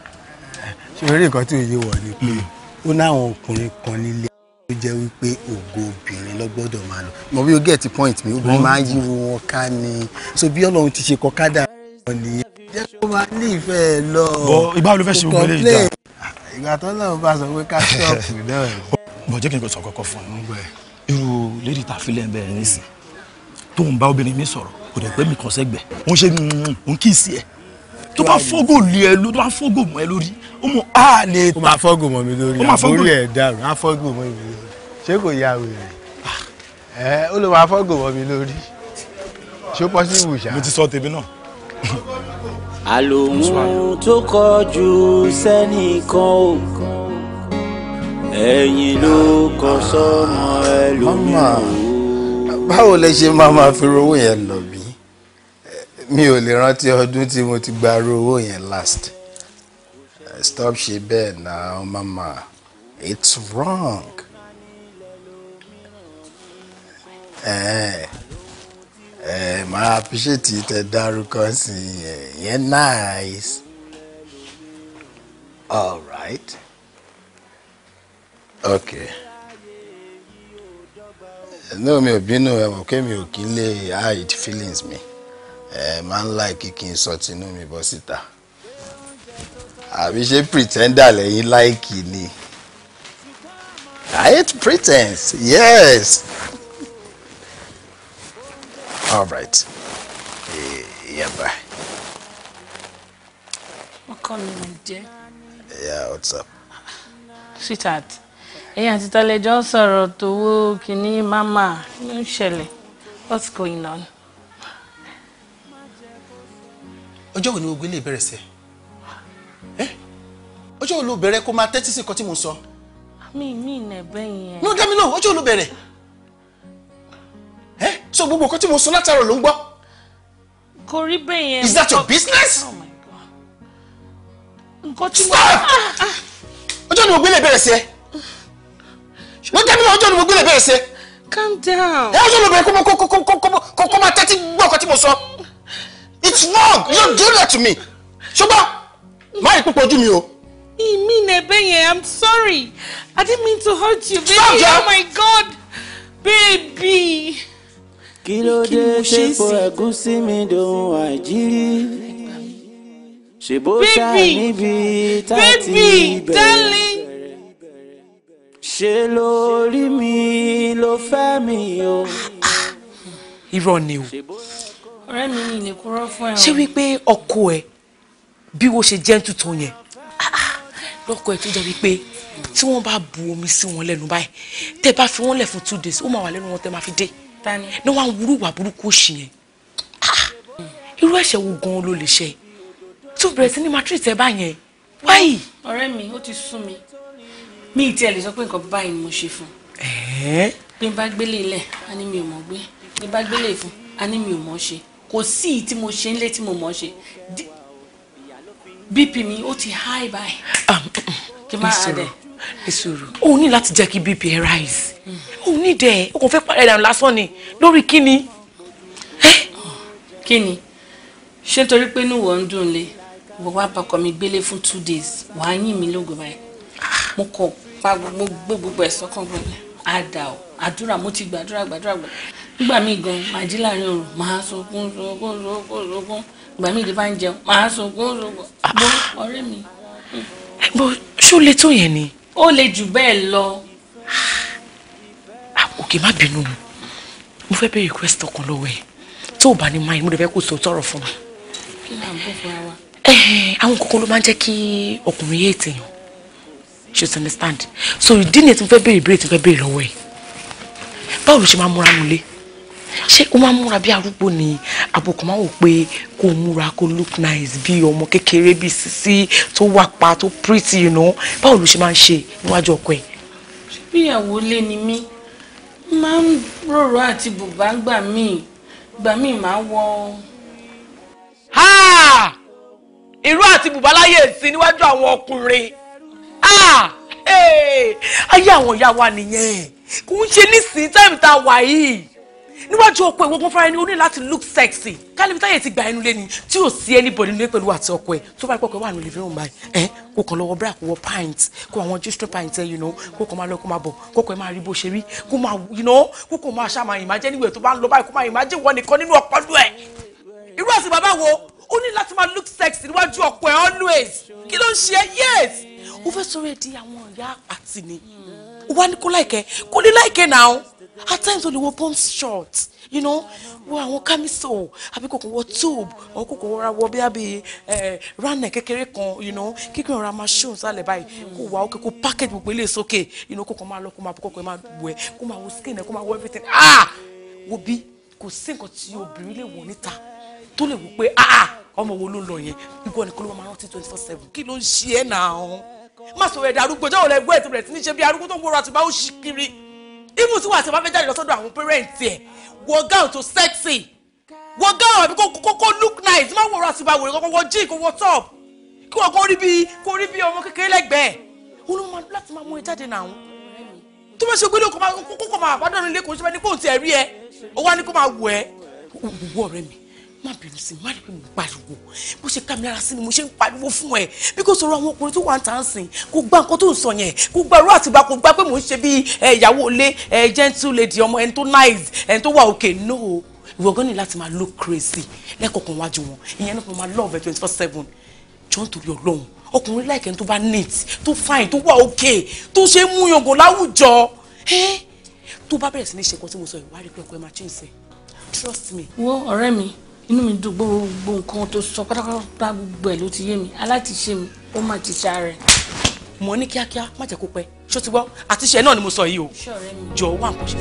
ṣé orí nǹkan tí òye wọ̀ ni pé hmm. ó náwọn ọkùnrin kan nílé tó jẹ́ wípé ògo obìnrin ló máa lò mọ̀ bí o get point mi obìnrin máa ń yí wọn ká ni so bí ọlọ́run ti ṣe kọ kádà wọn nìyẹn jẹ́ kó máa ní ìfẹ́ ẹ lọ. bọ ìgbà wo ló fẹ́ ṣe gbogbo eléyìí dá. ìgbà tó náà bá sọ pé ká ṣọ́ọ̀pù náà. bọ̀ jẹ́ kí n kò sọ kọ́kọ́ fún ẹ irú lady tàfilẹ̀ ń bẹ̀rẹ̀ nísìn tó ń bá obìnrin mi sọ̀rọ̀ kò dẹ̀ gbẹ́mì kan sẹ́gbẹ̀ẹ́ òun ṣe òun kì í sí ẹ̀ tó bá fọ́gò lé ẹ ló tó bá fọ́gò mọ́ ẹ lórí ó mọ á lè ta ó máa fọ́gò mọ́ mi lórí àbórí ẹ̀ dàrú á fọ́gò mọ́ mi lórí ṣé kò yá wèrè ẹ ó lè máa fọ́gò mọ́ mi lórí ṣé ó pọ́sibú ṣá. mo ti sọ tèmi náà. àlòhùn tó kọjú sẹ́nìkan ò ẹ̀yìn ló kọ sọ́mọ ẹlòmíràn. báwo lẹ ṣe máa máa fi rówó yẹn lọ bí mi ò lè rántí ọdún tí mo ti gba aró owó yẹn last eh, stop ṣe bẹ́ẹ̀ náà oh, mama it's wrong. ẹ eh, ẹ eh, máa appreciate it, dárúkọ sí ẹ yẹn nice all right okay no mi ò bínú ẹ mọ̀ pé mi ò kí lè hide feelings mi ẹ máa ń láìkí kí n sọ tinú mi bọ́ síta àbí ṣé pretender lẹ́yìn láìkí ni I hate pretense yes all right yeah bye. ọkọ mi ò jẹ́. yeah what's up. sweetheart ẹ̀yin àti tọ́lẹ̀ jọ ń sọ̀rọ̀ tówó kìíní mama ń ṣẹlẹ̀ what's going on. ọjọ́ wo ni gbogbo ilé bẹ̀rẹ̀ sẹ́ ẹ ọjọ́ wo ló bẹ̀rẹ̀ kó máa tẹ́tí sí nǹkan tí mo sọ. mi mi nà ẹ̀bẹ̀ yẹn. no dami no ọjọ́ wo ló bẹ̀rẹ̀ ẹ so gbogbo nǹkan tí mo sọ látàrọ̀ ló ń gbọ́. kò rí bẹ́ẹ̀ yẹn. is that your oh, business. Oh my God. nǹkan tí mo. Ah! ọjọ́ ni gbogbo ilé bẹ̀rẹ̀ sẹ́ no dami no ọjọ́ ni gbogbo ilé bẹ̀rẹ̀ sẹ́. calm down. ẹ ọjọ́ ló bẹ̀rẹ̀ kó máa tẹ́tí gbọ́ nǹkan tí mo sọ it's wrong you don't do that to me ṣùgbọ́n má yìí pípọ̀ ojú mi o. ìmí nẹ̀bẹ̀ yẹn i'm sorry i didn't mean to hurt you baby Stop, oh my god baby. kí ló dé ṣe fo ẹ̀gúsí mi dohun àìjírí ṣèbó ṣá níbi tá a ti lórí mi ló fẹ́ mi o. Ah, ah. irọ́ ni o ọ̀rẹ́ mi ni lè kúrọ́ fún ẹ. ṣé wípé ọkọ ẹ bí wọ́n ṣe jẹ́ tuntun yẹn ah, lọ́kọ ẹ tó jẹ́ wípé tí wọ́n bá bu omi sí wọn lẹ́nu báyìí tẹ́ bá fi wọ́n lẹ̀ fún two days ó máa wà lẹ́nu wọn tẹ́ máa fi dé ní wọ́n wúrú wà burúkú òṣì yẹn ah, irú ẹ̀ṣẹ̀ wo gan ló lè ṣe tó bẹ̀rẹ̀ sí ní máa ẹ báyẹn wáyì. ọ̀rẹ́ mi ó ti sún mi mi ì tiẹ̀ lè sọ pé nǹkan báyìí ni mo ṣe fún bí n bá gbélé ilẹ̀ a ní mi ò mọ̀ gbé bí n bá gbélé ìfún a ní mi ò mọ̀ ṣe kò sí tí mo ṣe ń lé tí mo mọ̀ ṣe bp mi ó ti high báyìí um, mm, mm. kí n má ra dẹ̀ ìṣòro òun ní láti jẹ́ kí bp rise òun ní dẹ̀ o kò fẹ́ parẹ́ ìdànù lásán ni lórí kíni. kíni ṣé nítorí pé inú wọn ń dùn lé wọ́n wá bá ọkọ mi gbélé fún two days wàá yìn mí lógo báyìí ah. mo kọ pa gbogbo gbogbo ẹ̀ sọ́kàn gbogbo àdà ọ̀ àdúrà mo ti gbàdúrà gbàdúrà gbàdúrà nígbà míì gan màá jí láàrin òru màá sunkún sunkún sunkún sunkún ìgbà míì ìdí bá ń jẹun màá sunkún sunkún bó ọ̀rẹ́ mi. bó ṣó lè tó yẹn ni. ó lè jù bẹ́ẹ̀ lọ. Ah, òkè má bínú mo fẹ́ bẹ́ẹ̀ request ọkàn lọ́wọ́ ẹ̀ tó o bá ní máa mo lè fẹ́ kó o tó tọrọ fún mi. kí ni à ń wa. Eh, àwọn kókó máa ń jẹ́ kí ọkùnrin yé ètèèyàn she understand so ìdí ni ètò fẹ́ bẹ́ẹ̀ ìbéèrè tí fẹ́ bẹ́ẹ̀ lọ́wọ́ ẹ̀ báwo ló ṣe máa múra nulẹ̀ ṣé o máa múra bí arúgbó ni àbùkù máa wò pé kó múra kó look nice bí ọmọ kékeré bí sisi tó wà pa tó pretty you know báwo ló ṣe máa ń ṣe níwájú ọkọ ẹ. ṣé bí ìyàwó lé ni mí máa ń rọ̀rọ̀ àti bùbá gbà míì gbà míì máa wọ. ìró àti bùbá láyè sí níwájú àwọn ọkùnrin ayé àwọn ìyá wa nìyẹn kò ń ṣe nísìnyí táìmù tá a wà yìí níwájú ọkọ ìwọ gan fara ẹni o ní láti look sexy kálíbi táyé ti gba ẹnu lé ni tí ò sí anybody nílé pẹ̀lú àti ọkọ ẹ̀ tó bá rí pọ̀kọ̀ wà ní living room báyìí ẹ̀ kò kàn lọ́wọ́ bra kò wọ pint kò àwọn gistro pint ẹ̀ you know kò kàn máa lọ kó máa bọ̀ kò kàn máa rí bó ṣe rí kò máa you know kò kàn máa ṣàmà ìmájẹ́ níwèé tó bá ń lọ báyìí kò máa ìmájẹ́ wọ nìkan nínú ọpọlọ ẹ̀ irú àti bàbá wo ó ní láti máa look sexy níwájú ọkọ ẹ̀ always kí ló ń ṣe yes ó fẹ́ sọ at times when lè wọ pump short you know wọ àwọn camisole àbí kò kàn wọ tube ọ̀ kò kàn rọra wọ bí àbí rana kékeré kan you know kíkẹ́ ọ̀rọ̀ máa ṣóun sálẹ̀ báyìí kò wá òkè kò package gbogbo ilé sókè you know kò kàn máa lọ kó máa bọ́ kó máa wẹ̀ kó máa wọ skin ẹ̀ kó máa wọ everything ah wo bí kò sí nǹkan tí obìnrin lè wọ̀ níta tó lè wò pé ah, ah ọmọ wo ló lọ yẹn ìgbọ́ ni kó ló máa rántí twenty four seven kí ló ń ṣe é nà án má sọ ẹ̀dá arúgbó jọ́wọ́ lẹ́gbẹ́ ètò rẹ̀ ti ní ṣe bí arúgbó tó ń gbóra àtibá ó ṣì kiri even tí wàá ti wá fẹ́ jáde lọ sọ́dọ̀ àwọn parents ẹ̀ wọ gown tó sexy wọ gown àbí kó kó look nice má wọ̀rọ̀ àti ìbáwòrán kó wọ jean kó wọ top kí wọ́n kó rí bí kó rí bí ọmọ kékeré lẹ́gbẹ̀ẹ́ olùmọ̀ láti máa mú ẹ jáde náà tó bá ṣe gbé lóko kókó máa bá dọ̀rùn ilé kò ṣe bá ní kó tiẹ̀ rí ẹ ó wá ní kó máa wù ẹ́ wù ọ̀rẹ́ mi má bínú sí mi má rí pé mo pariwo bó ṣe ká mi lára sí ni mo ṣe ń pariwo fún ẹ bí kò sọ̀rọ̀ àwọn ọkùnrin tó wà ń tà ń sìn kò gba nǹkan tó ń sọ yẹn kò gba irú àtìgbà kò gba pé mò ń ṣe bí eh, ìyàwó ilé eh, gentle lady ọmọ ẹni tó nice ẹni tó wà òkè no ìwọ gan ni láti máa look crazy lẹ́kọ̀ọ̀kan wájú wọn ìyẹn náà kò máa love ẹ twenty four seven jọ́ nítorí ọlọ́run ọkùnrin láìkẹ́ tó bá neat tó fine tó wà òkè tó ṣe é mú yangàn láwùjọ tó bá bẹ̀rẹ̀ sí ní ṣe nǹkan tí mo sọ ìwádìí pé ọkọ ẹ máa change ẹ trust me. wo ọ̀rẹ́ mi inú mi dùn gbogbo nǹkan tó sọ pátápátá gbogbo ẹ̀ ló ti yé mi aláàtìṣe mi ó má ti ṣá rẹ̀. mo ní kíákíá má jẹ́ kó pẹ́ ṣó ti gbọ́ àtiṣe náà ni mo sọ yìí o jọ wá nǹkan ṣe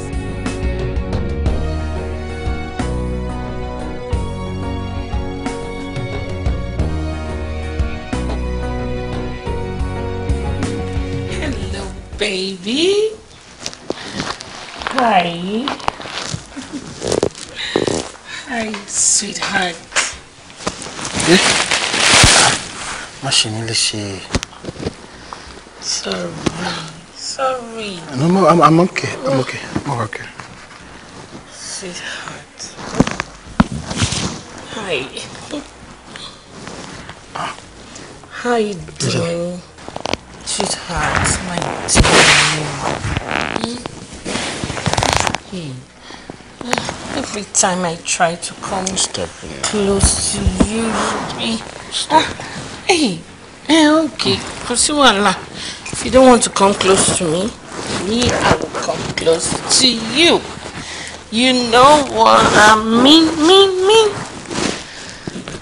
Hello, baby. Hi. Hi, sweetheart. Eh? Má ṣe ní léṣe. Sorry. Sorry. No, no, I'm, I'm okay. I'm okay. I'm okay. Sweetheart. Hi. Ah. How you doing? Sweetheart, my dear. Hmm? Hmm. Every time I try to come Stop close to you, you ah, hey, hey, eh, okay, Because you wàhálà. If you don't want to come close to me, me, I will come close to you. You know what I mean, mean, mean.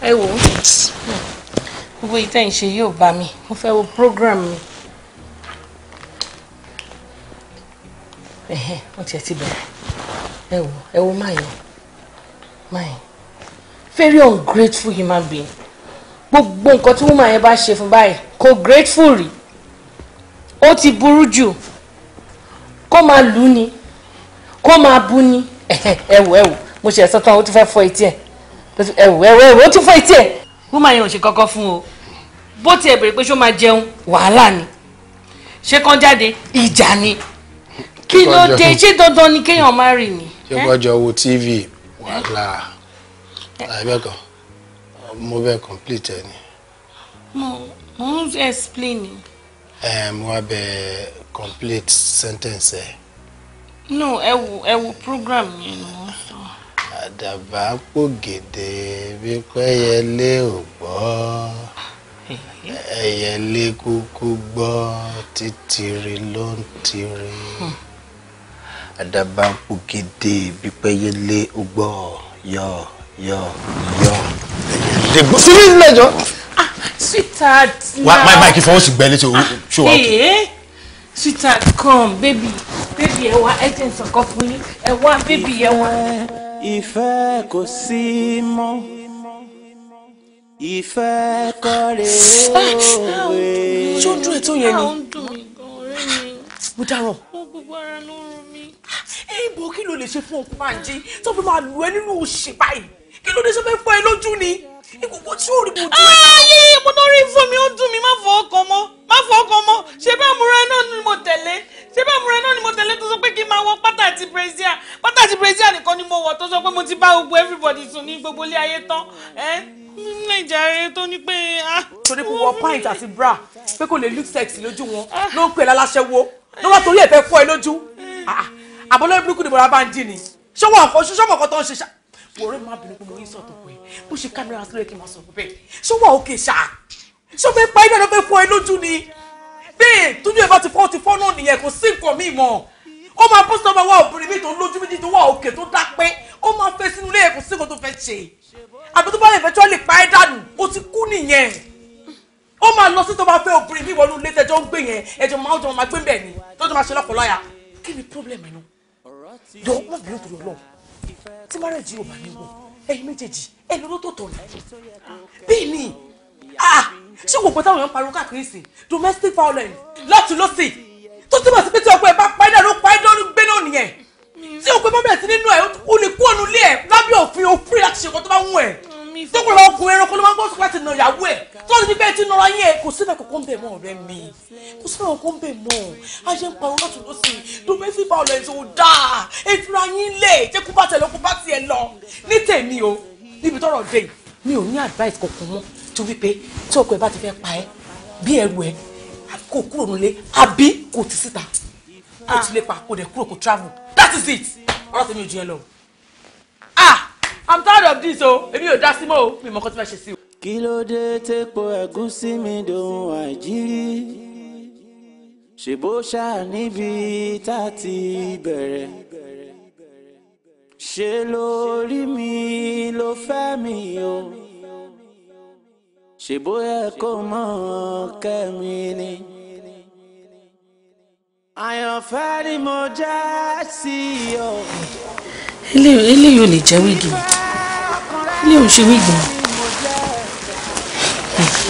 I wo, gbogbo ìtẹ́ ìṣe yóò bá mi, mo fẹ́ wo program mi. Ẹ̀hẹ̀, wọ́n ti ẹ̀ ti bẹ̀rẹ̀ ẹ wo ẹ wo very ungrateful human being gbogbo nǹkan tí woman yẹn bá ṣe fún báyìí kò grateful rí ó ti burú jù kó máa lù ni kó máa bú ni ẹ wò ẹ mo ṣe ẹ̀sán tán ó ti fẹ́ fọ etí ẹ̀ ẹ wò ẹ wò ẹ ó ti fọ etí ẹ̀ woman yẹn ò ṣe kọ́kọ́ fún o bó tiẹ̀ bèrè pé ṣó máa jẹun wàhálà ni ṣé kán jáde ìjà ni kí ló dé ṣé dandan ni kéèyàn má rìn ni tí ó gbọ́jọ wo tv wàhálà eh. àìbẹ́ẹ̀kọ́ mo bẹ́ẹ̀ complete ẹ ni. mo mo ń explain. ẹ eh, mo wá bẹ complete sentence ẹ. no ẹ wo ẹ wo program yẹn ni wọ́n sọ. àdàbà pògèdè bí pẹ́yẹlé ò gbọ́ ẹyẹlé kúkú gbọ́ títírí ló ń tiri. Hmm adabanku gidi bípẹ́yẹlé ugbọ́ yọ yọ yọ. ẹyẹlé gbọ́ sí ní ìlẹ́jọ́. Ah, sweetheart now. wá máa máa kí fọwọ́ sí gbẹ́lẹ́ tó ṣó wà ókè. Eh, sweetheart come baby baby ẹ wá ẹ jẹ́ nsọ̀kan fún yín ẹ wá baby ẹ wá. ìfẹ́ kò sí mọ́ ìfẹ́ kọ́re òwe. ó dún ètò yẹn ni. ó dùn mí gan mo dárò ìbò kí ló lè ṣe fún ọkùnrin máa ń jí tó fi máa lù ẹ́ nínú òṣì báyìí kí ló dé ṣe fẹ́ fọ́ ẹ lójú ni ìkókó tí ó rí mo dùn ẹ. ayé mo náà rí fún mi ó dùn mí má fọ ọkàn mọ́ má fọ ọkàn mọ́ ṣé bá múra náà ni mo tẹ̀lé ṣé bá múra náà ni mo tẹ̀lé tó sọ pé kí n máa wọ pátá àti brazil pátá àti brazil nìkan ni mo wọ̀ tó sọ pé mo ti bá gbogbo everybody sùn ní gbogbo ilé ayé tán nàìjíríà tó ní pé. Ah, torí kò wọ pint àti bra pé kò lè look sexy lójú wọn ah. ló ń pè láláṣẹ́wó ló wá torí ẹ̀ fẹ́ fọ́ ẹ lójú eh. ah, àbọ̀lọ́ ìbúrúkú ni bọ̀dá bá ń dì ní ṣọwọ́ ọ̀kọ́ ṣọwọ́ ọ̀kọ́ tó ń ṣe ṣá. wòrán máa bínú pé mo yín sọ̀tọ̀ pé bó ṣe kámẹ́rà sílẹ̀ kí n máa sọ̀rọ̀ bẹ́ẹ̀ ṣọwọ́ òkè ṣá ṣọ fẹ́ pa iná ló fẹ́ fọ́ ẹ lójú ni bẹ́ẹ̀ tójú ẹ bá ti fọ́ ti fọ́ náà nìyẹn kò sí nǹkan míì mọ́ ó máa bó sọ́mọ wá obìnrin mi tó lójú méjì tó wà òkè tó dá pé ó máa fẹ́ sínú ilé ẹ̀kọ́ síkò tó fẹ́ ṣe àbí tó bá lè fẹ́ tí wọ́n lè pa ẹ́ dànù ó ti kú nìyẹn ó máa lọ sí tó bá fẹ́ obìnrin mi wọnú ilé tẹ́jọ́ ń gbé yẹn ẹ̀jọ̀ máa ń jọ máa gbé bẹ́ẹ̀ ni tọ́jú máa ṣe lọ́pọ̀ lọ́yà kí ni problem ẹ̀ náà jọ wọn bẹ̀rẹ̀ torí Ọlọ́run tí márẹjì ò bá ní wọ ẹyin méjèèjì ẹ lọ́dọ̀ tó tọ̀nà bẹ́ẹ̀ ni ah, ṣé wò pọ̀tà òyìnbó pariwo káàkiri sí domestic violence lọ́tún lọ́sì tó túmọ̀ sí pé tí ọkọ ẹ bá pa iná ló pa iná ló gbé náà nìyẹn tí ọkọ ẹ bá bẹ̀rẹ̀ sí nínú ẹ ó ní kú ònú ilé ẹ lábẹ́ òfin òfin láti ṣe nǹkan tó bá wù ẹ mi. tó kúrò ọkùnrin ẹranko ló máa ń gbọ́ sọ láti nà ìyàwó ẹ̀ tó ti bẹ́ẹ̀ tí nara yín ẹ̀ kò síbẹ̀ kókó ń bẹ̀ mọ́ ọ̀rẹ́ mi kò síbẹ̀ kókó ń bẹ̀ mọ́ ayé ń parun láti lọ sí domestic violence ò dáa ètùra yín lẹ̀ jẹ́ kó bá tẹ̀ lọ kó bá tiẹ̀ lọ ní tèmi o níbi tọ́rọ̀ dé mi ò ní advice kankan mọ́ tó wípé tí ọkọ ẹ bá ti fẹ́ pa ẹ bí ẹrù ẹ kò kúrò nílé àbí kò ti síta kò ti lépa kò dẹ̀ kúrò kò travel that is it ọ̀rọ̀ tèmi ò jẹ́ lọ. ah i'm tired of this o oh. èmi ò dá sí mọ́ o mi mọ̀ kó tí wọ́n ṣe sí o. kí ló dé tẹ́pọ̀ ẹ̀gúsí mi dohun àìjírí ṣèbó ṣáà níbi tá a ti bẹ̀rẹ̀ ṣe lórí mi ló fẹ́ mi o ṣèbó yẹ kó mọ̀ kẹ́mi ni àyànfẹ́ ni mo jẹ́ sí i o eléyìí ò lè jẹ́ wíìgì mi eléyìí ò ń ṣe wíìgì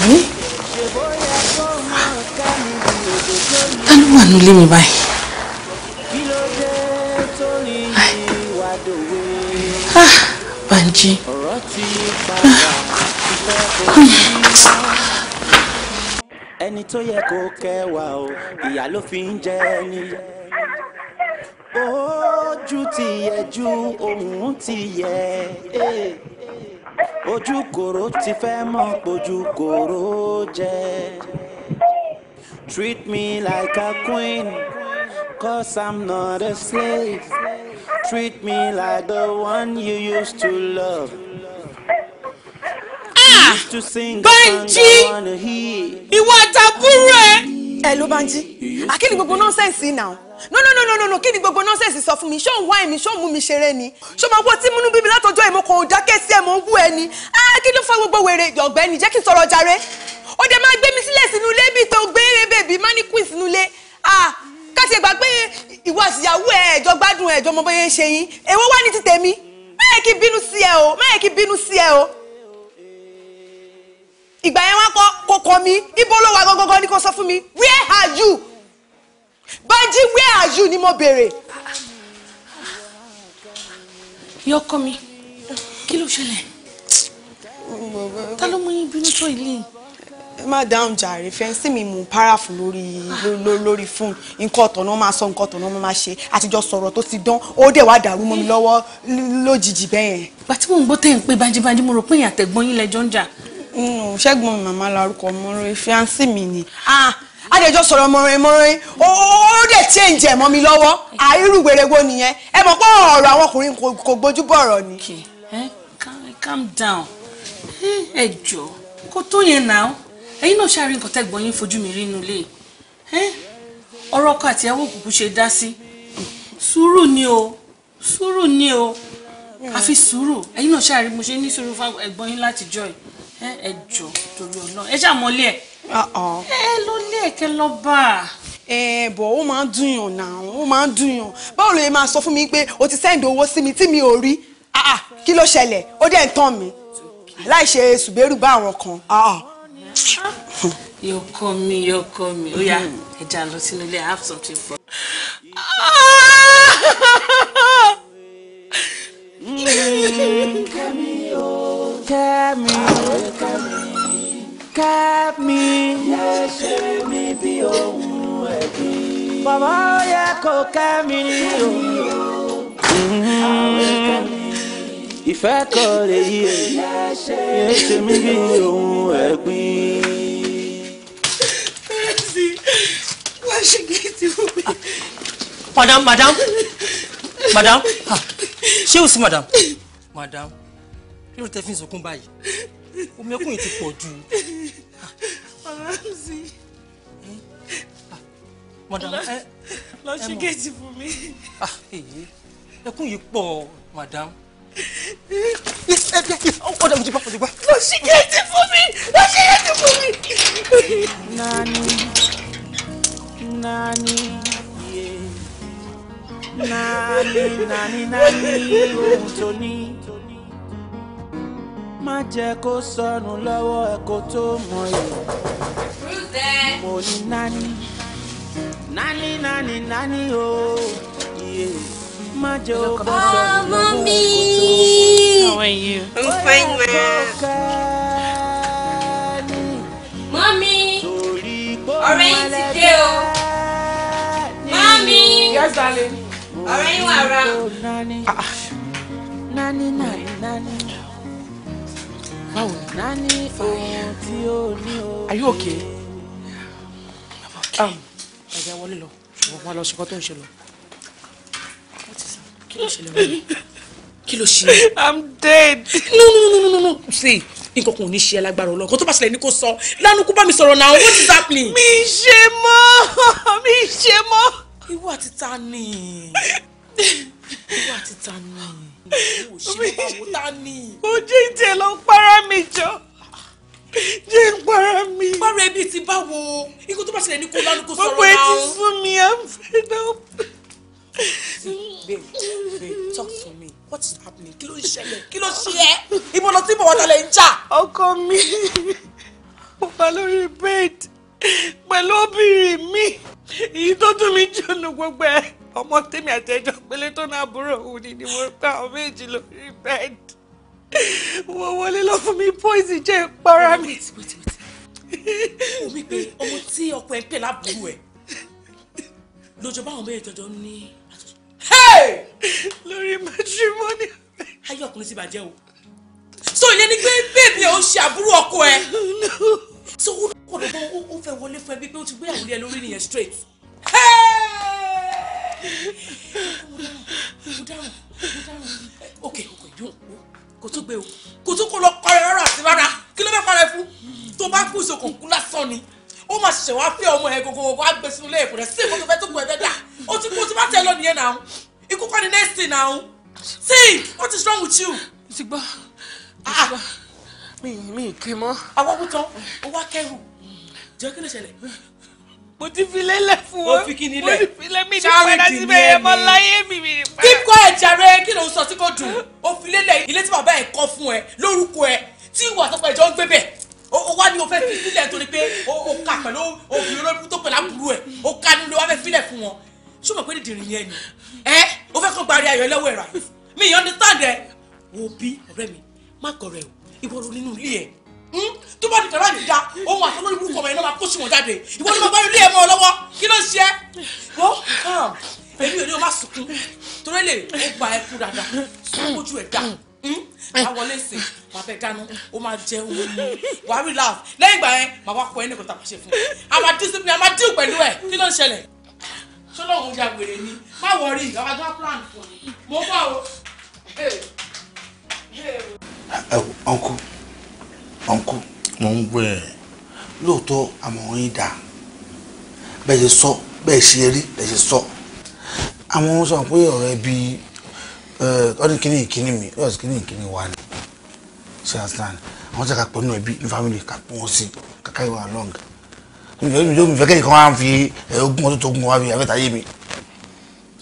mi ta ló wà nílé mi báyìí. Ah, Banji. ẹni tó yẹ kó kẹwàá o ìyá ló fi ń jẹ ẹni ojú ti yẹ ju òun ti yẹ ojú kòró ti fẹ́ mọ̀ pojú kòró jẹ́. Treat me like a queen, cause I'm not a slave. Treat me like the one you used to love. Ah! Bánjí! Ìwà àtàbúrò ẹ̀! Ẹ ló Bánjí, àkínní gbogbo nọ́ọ̀sẹ̀nsì náà no no no no no no kí ni gbogbo nọ́sẹ̀sì sọ fún mi ṣé òun wá èmi ṣé òun mú mi ṣeré ni ṣé máa wọ tí múnú bíbí látọjọ́ èmo kò dákẹ́ sí ẹ̀ mọ̀ ń wú ẹ ni kí ló fa gbogbo wèrè ọ̀gbẹ́ni jẹ́ kí n sọ̀rọ̀ jàre ó dẹ̀ máa gbé mi sílẹ̀ sínú ilé bíi tó gbé bèbí mannequin sínú ilé káṣí ẹgbà pé ìwọ àtìyàwó ẹ ẹjọ gbádùn ẹjọ mọ bóyá ń ṣe yín èwo wá ní ti tèmi mẹ́yẹ̀ kí bínú sí ẹ o mẹ́yẹ̀ kí bínú sí ẹ o ìgbà yẹn wá kọ́ kọ́ mi ibo ló wà gangan ni kò sọ fún mi where are you. Banji, where are you ni mo béèrè? Yọkọ mi, kí ló ṣẹlẹ̀? Ta ló mú yín bínú tó ilé? Ẹ má dáhùn jàre, fẹ́ǹsì mi mú páràfù lórí lórí fóònù. Nǹkan ọ̀tọ̀ náà máa sọ, nǹkan ọ̀tọ̀ náà máa ṣe. Àtijọ́ sọ̀rọ̀ tó ti dán, ó dẹ̀ wá dàrú mọ́ mi lọ́wọ́ lójijì bẹ́yẹn. Ìgbà tí mò ń gbọ́ tẹ̀ ń pé banjibanji, mo rò pé ìyàtẹ̀gbọ́n yín lẹ́jọ́ ń jà. Mm, Ṣẹ́gun mi màmá larúkọ mọ́rọ́, fẹ́ǹsì mi ni. Ah! adẹjọ sọ̀rọ̀ mọrin mọrin ó dẹ change ẹ mọ́ mi lọ́wọ́ àìrù wẹrẹwọ nìyẹn ẹ mọ̀ pé ọ̀rọ̀ àwọn ọkùnrin kò gbójú bọ̀rọ̀ ni. calm down ẹ jọ kó tó yẹn náà ẹ̀yin náà ṣàrí nǹkan tẹgbọn yín fojú mi rí inú ilé ọ̀rọ̀ ọkọ àti ẹwọ òkùnkùn ṣe dá sí sùúrù ni o sùúrù ni o àfi sùúrù ẹ̀yin náà ṣàrí mo ṣe ní sùúrù fún ẹ̀gbọ́n yín láti jọ ẹ ẹ jọ torí Ọlọ́run ẹ ṣàmọlé ẹ ẹ ló lé ẹ̀kẹ́ lọ bá a. ẹ bọ̀ ó máa ń dùnyàn náà ó máa ń dùnyàn báwo ló yẹ máa sọ fún mi pé o ti sẹ́ǹdì owó sí mi tí mi ò rí ah, ah, kí ló ṣẹlẹ̀ ó dẹ̀ ń tàn mí láì ṣe ṣùgbẹ́rù bá àwọn kan. Ah, yọkọ mi yọkọ mi ó yá ẹja lọ sínú ilé i have something for. Mm. kẹ́mi o kẹ́mi o kẹ́mi kẹ́ mi. yẹ ṣe mí bí ohun ẹ̀bí. bàbá ó yẹ kó kẹ́ mi ni o. Mm-hmm. ìfẹ́ kò lè yí e. yẹ ṣe mí bí ohun ẹ̀gbin. madam madam madam ṣé o sí madam madam kí ló tẹ fi ń sọkún báyìí omi ẹkún yìí ti pọ̀ jù. Ramsey. Ah, madam eh, ẹ lọ ṣí géètì fún mi. Ah, eh, ẹkún yìí pọ̀ madam. ọ̀dà mo ti gbà mo ti gbà. lọ ṣí géètì fún mi lọ ṣí géètì fún mi. nani nani nani nani nani ohun tó ní má jẹ́ kó sọnù lọ́wọ́ ẹ kó tó mọ ìyè. mo ní nání nání nání nání o iye má jẹ́ ó bọ́ sọnù lọ́wọ́ ẹ kó tó mọ ìyè. ọmọ mi. How are you? I'm fine ma. Mami, ọ̀rẹ́ yín ti dé Yes, darling. Ọ̀rẹ́ yín wà ra. Ah. Nani, nani, nani báwo ni. nání ohun tí ó ní o. are you okay? Um. ẹ̀jẹ̀ wọlé lọ ṣùgbọ́n wọn lọ ṣe nǹkan tó ń ṣe lọ. kí ló ṣẹlẹ̀ wọlé kí ló ṣe. i'm dead. no no no no no no see nǹkan kan ò ní ṣe ẹ lágbára Ọlọ́run kó tó bá ṣẹlẹ̀ ní kó sọ lánàá kó bá mi sọ̀rọ̀ náà what is happening. mi ṣe mọ́ mi ṣe mọ́. ìwọ àti ta ni ìwọ àti ta ni ojú ìtẹ̀ ló para mi jọ jẹ́ ń para mi. para ẹbí ti báwo ikú tó bá ṣẹlẹ̀ ní kó lánàá kó sọ̀rọ̀ náà. gbogbo ẹ ti sún mi i'm fed up. babe talk to me what is happening kí ló ń ṣẹlẹ̀ kí ló ṣe ẹ́ ìbọn lọ sí ìbọn wọn tẹ̀lé ń jà. ọkọ mi mo wà lórí bẹ́ẹ̀dì pẹ̀lú obìnrin mi èyí tó dùn mí jọ̀nù gbogbo ẹ̀ ọmọ tèmi àtẹjọ pélé tó náà àbúrò òun ni ni mo pa àwọn méjì lórí bẹ́ẹ̀dì wọ́n wọlé lọ fún mi poison jẹ́ ìpara mi. omi pé ọmọ tí ọkọ ẹ ń pè lábúrò ẹ lójó báwọn méjì jọjọ ní lórí matrimony. ayé ọkùnrin ti bàjẹ́ o so ìyẹn ni pé bèbí ò ń ṣe àbúrò ọkọ ẹ so ó kọ̀ lọ́wọ́ ó fẹ́ wọlé fún ẹbí pé ó ti gbé àwòrán ẹ lórí nìyẹn straight. Hey! mo dáhùn mo dáhùn ok ok yóò kó tó gbé o kó tó kó lọ parẹ́ rárá àti rárá kí ló fẹ́ parẹ́ fún tó bá kú ìṣòkò kú lásán ni ó máa ṣẹ̀ṣẹ̀ wá fẹ́ ọmọ ẹ̀ gbogbo gbogbo àgbẹ̀ sínú ilé ẹ̀kọ́ rẹ̀ sí ìkọ́ tó fẹ́ tó kú ẹ̀ dẹ́dà ó ti kú ó ti bá tẹ̀ lọ nìyẹn náà ikú kọ́ ni next thing náà think what is wrong with you. ti gbọ́ ah, ah. mi mi kì í mọ́. àwọn ọmọ tán ó wá kẹrù jẹ́ kí ló ṣẹlẹ̀ mo ti fi lélẹ̀ fún wọn mo ti fi lé mi ní padà síbẹ̀ yẹn mọ láyé mi mi. keep quiet jàre kí ló ń sọ tí kò dùn o fi lélẹ̀ ilé tí bàbá ẹ̀ kọ́ fún ẹ lórúkọ ẹ tí ìwà àtọ́pọ̀ ẹ̀jọ́ ń gbé bẹ̀ o wá ní o fẹ́ fi sílẹ̀ torí pé o kà pẹ̀lú obìnrin olórí tó pẹ̀lú àbúrò ẹ̀ o kà ní o wá fẹ́ filẹ̀ fún wọn ṣé o mọ̀ pé dìdìrín yẹn ni ẹ o fẹ́ kọ́ gbari ayọ̀ ẹlẹ́wọ̀ ẹ̀rọ mi understand ẹ wo bí ọ̀rẹ́ mi má kọ̀ rẹ̀ o ìwọ ló nínú ilé ẹ̀ Hmm? tó bá di tàbá mi da ohun àtọ́lọ́ ìlú kọ̀ọ̀mọ̀ yẹn náà máa kó sí jáde ìwọ ni mo bá rí ẹ̀ lọ́wọ́ kí ló ń ṣe wọ́n kàn èmi ò ní o má sunkún torí lè ó gba ẹkú dáadáa sunkún ojú ẹ̀ dá ká hmm? wọlé sè wà bẹ dáná ó máa jẹ ohun mu wà á rí láàf lẹ́yìn ìgbà yẹn màá wá kọ ẹ́ nìkan tàbá ṣe fún un a máa discipline a máa deal pẹ̀lú ẹ̀ kí ló ń ṣẹlẹ̀ ṣọlọ́run ọ̀nkú mo ń gbọ́ ẹ̀. lóòótọ́ àmọ̀ràn yín dáa bẹ́ẹ̀ ṣe sọ bẹ́ẹ̀ ṣe rí bẹ́ẹ̀ ṣe sọ. àwọn ohun sọ pé ọ̀rẹ́ bíi ọdún kìíní ìkíní mi ọdún kìíní ìkíní wa ni ṣe àtàn àwọn tí a kà pọ̀ nínú ẹbí ní fámìlì kà pọ̀ wọ́n sí kàkà ìwà long. yóò mi fẹ́ kẹ́yìn kan wá fi ogún ọdún tó gún wá fi àfẹ́tà yé mi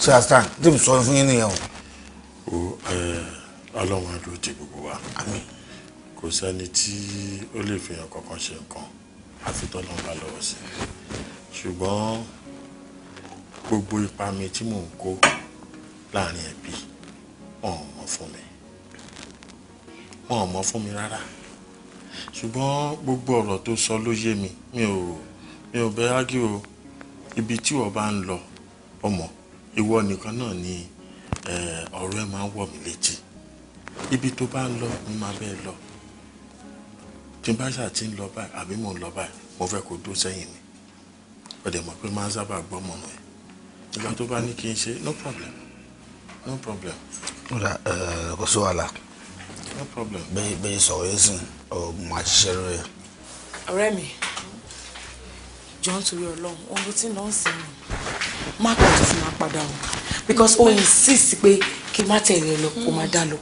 ṣe àtàn tí mo sọ fún yín nìyẹn o. o ọlọ́run á dúró ti gbogbo wa. àmín kò sẹ́ni tí ó lè fi hàn kankan ṣe nǹkan àfi tọ́lọ́ bá lọ́wọ́ sí ṣùgbọ́n gbogbo ipa mi tí mò ń kó láàrin ẹbí wọn ò mọ̀ fún mi wọn ò mọ̀ fún mi rárá ṣùgbọ́n gbogbo ọ̀rọ̀ tó sọ ló yé mi mi ò mi ò bẹ́ ágí o ibi tí wọ́n bá ń lọ ọmọ ìwọ nìkan náà ni ọ̀rọ̀ ẹ máa ń wọ̀ mí létí ibi tó bá ń lọ ni màá bẹ́ẹ̀ lọ tí n bá ṣáà ti ń lọ báyìí àbí mò ń lọ báyìí mo fẹ́ kó dúró sẹ́yìn mi ọ̀dẹ̀ mọ̀ pé máa ń sábà gbọ́ mọ̀ mọ́ ẹ̀ ìgbà tó bá ní kí n ṣe no problem no problem. ọ̀dà kò sí wàhálà no problem. bẹ́ẹ̀ bẹ́ẹ̀ sọ̀rọ̀ yẹn sìn ọ̀ máa ṣiṣẹ́ lórí ẹ̀. ọ̀rẹ́ mi jọ ń torí ọlọ́run ohun tí náà ń sìn mí má pọ̀ tó fi máa padà o because o insist pé kí n má tẹ̀lé ẹ lọ kó má dá lọ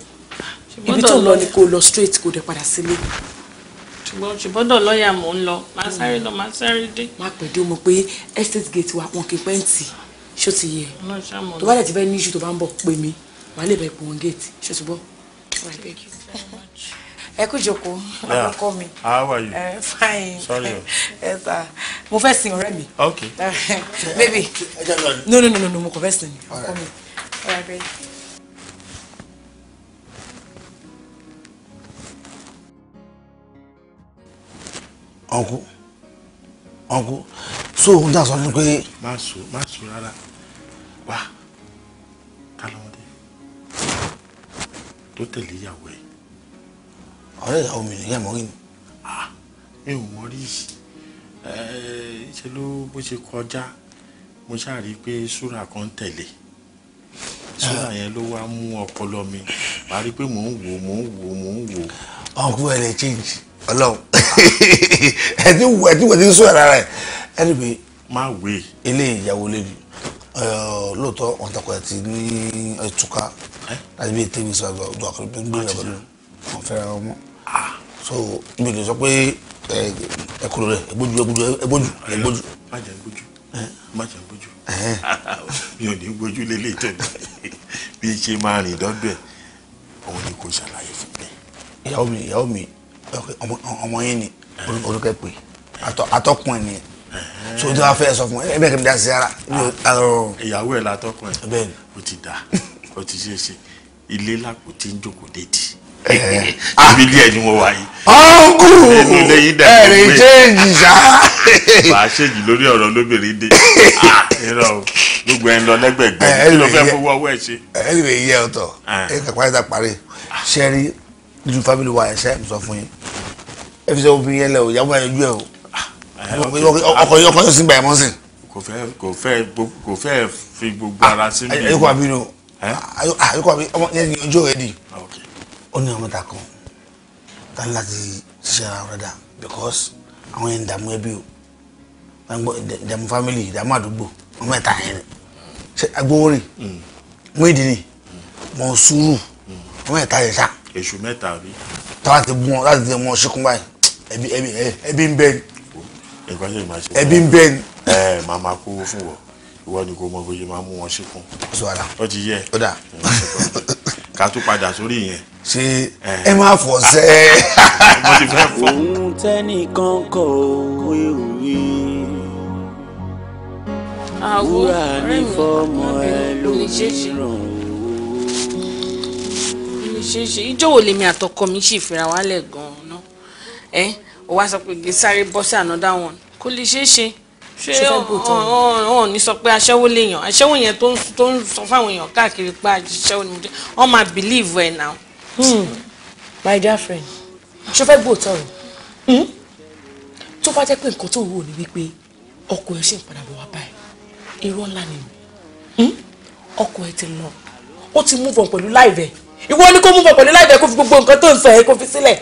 ibi tó ń lọ ni kó lọ straight kó dẹ̀ padà sílé ṣùgbọ́n ṣùgbọ́dọ̀ lọ́ọ̀yà mò ń lọ máa sáré lọ máa sáré dé. wọ́n pè dé o pé estate gate wa wọn kì í pẹ́ǹtì ṣó ti yẹ tó bá dẹ̀ ti bẹ́ẹ̀ ní iṣu tó bá ń bọ̀ pè mí wàá lè bẹ̀ pò wọn gate ṣó ti bọ́. ẹ kú jókòó ọkọ mi fine ẹ mo fẹ́ sin ọ̀rẹ́ mi baby no no no no mo kò fẹ́ sin ọkọ mi. ọ̀nkú ọ̀nkú so ohun tí a sọ ni pé. má sọ má sọ rárá wá ká lọ́mọdé tó tẹ̀lé ìyàwó ẹ̀. ọ̀rẹ́ ìyàwó mi nìyẹn mọ́ ni. mi ò mọ rí ṣe ló bó ṣe kọjá mo ṣáà rí i pé súrà kan tẹ̀lé súrà yẹn ló wá mú ọpọlọ mi wàá rí i pé mò ń wò mò ń wò mò ń wò. ọ̀nkú ẹ̀ lè change. Ọlọ́run ẹtí wọ ẹtí wọ ti sún ẹ̀rọ rẹ ẹni pé máa wé ilé ìyàwó lẹ́nu lóòótọ́ wọn takọ ẹ ti ní ẹtùká láti bí ètè mi sọ àgbà ọdún àkọlù pé ń gbé ìyàwó lẹ́nu wọn fẹ́ra wọn so ibi kì í sọ pé ẹ kúrò rẹ ẹgbójú ẹgbójú ẹgbójú ẹgbójú. má jẹ gbójú má jẹ gbójú mi ò ní gbójú lélẹ́yìí tó ní bí ṣe máa rìn dọ́dọ̀ ẹ̀ òun ni kò ṣàlàyé fún mi. ìyàwó mi ìyàwó mi ọmọ yẹn ni orúkọ pé atọ́kùn ẹ̀ nìyẹn so tí wàá fẹ́ sọ fún ẹ bẹ́ẹ̀ kí n dá sí ara. Ah, ìyàwó ẹ̀ látọ́kùn ẹ̀ bẹ́ẹ̀ ni o ti dà o ti ṣe é ṣe ilé làpò tí ń jókòó dédì ah. ibi ilé ẹ ni mo wà yìí. ọ̀nkù ẹ̀rẹ̀ ṣéèjì ṣá. màá ṣèjì lórí ọ̀rọ̀ lóbìnrin dé ah, irọ́ gbogbo ẹ̀ ń lọ lẹ́gbẹ̀gbẹ̀ eh, kí ló fẹ́ fowó ọwọ́ ẹ̀ ṣe. ẹ ẹ lè yẹ ọ̀tọ̀ ẹ kàpá ẹ ta parí ṣẹ́rí nínú family wa ẹsẹ sọ fún yín ẹ fi sọ obìnrin yẹn lẹ o ìyàwó yẹn ju ẹ o ọkọ yìí ọkọ yóò sì gbà ẹ mọ sí. kò fẹ́ kò fẹ́ kò fẹ́ fi gbogbo ara sí mi. ayọkọ àbí no ayọkọ àbí ọmọ yẹn ni ojú rẹ di ó ní ọmọ ta kan ta ní láti ṣiṣẹ́ ara rẹ dà because àwọn yẹn ń dààmú ẹbí o wọ́n ń gbọ́ dààmú family dààmú àdúgbò wọ́n mẹ́ta yẹn ṣe agbóhórè mm. mú ìdí ni mọ̀ sùúrù mm. wọ́n mẹ́ta yẹn ṣáà èṣù mẹ́ta rí. táwa ti mú ọ láti ti mú ọ ṣíkún báyìí ẹbí ẹbí ẹbí ń bẹ ni. nǹkan ṣe máa ṣe. ẹbí ń bẹ ni. ẹ màá máa kówó fún wọ ìwọ ni kò mọ bó ṣe máa mú wọn ṣíkún. ó ti yẹ ká tún padà sórí yẹn. ṣé ẹ máa fọ sẹ. mo ti fẹ́ fọ. ohun tẹ́nìkan kọ òwe òwe àwúrà ní fọmọ ẹ ló ṣe rọrùn ṣeé ṣe ìjọ wo lèmi àtọkọ mi ṣì fira wálẹ̀ gan-an ná ẹ ò wá sọ pé gbé sáré bọ́ sí another one kó lè ṣeé ṣe ṣé ọ̀hún ní sọ pé aṣẹ́wó lèèyàn aṣẹ́wó yẹn tó ń sọ fáwọn èèyàn káàkiri pé aṣẹ́wó ni mo jẹ́ wọ́n máa believe ẹ̀ now. Hmm. my dear friend ṣé o fẹ́ gbóòótọ́ rẹ̀ hmm? tó bá jẹ́ pé nǹkan tó ń wò ní wípé ọkọ ẹ̀ ṣì ń padà bọ̀ wá báyìí irọ́ ńlá ni hmm? ọkọ ẹ̀ ti lọ ó ti move on pẹ̀lú life ẹ̀ ìwọ ni kó mú pọ̀ pẹ̀lú láìpẹ́ kó fi gbogbo nǹkan tó ń sọ yẹn kó fi sílẹ̀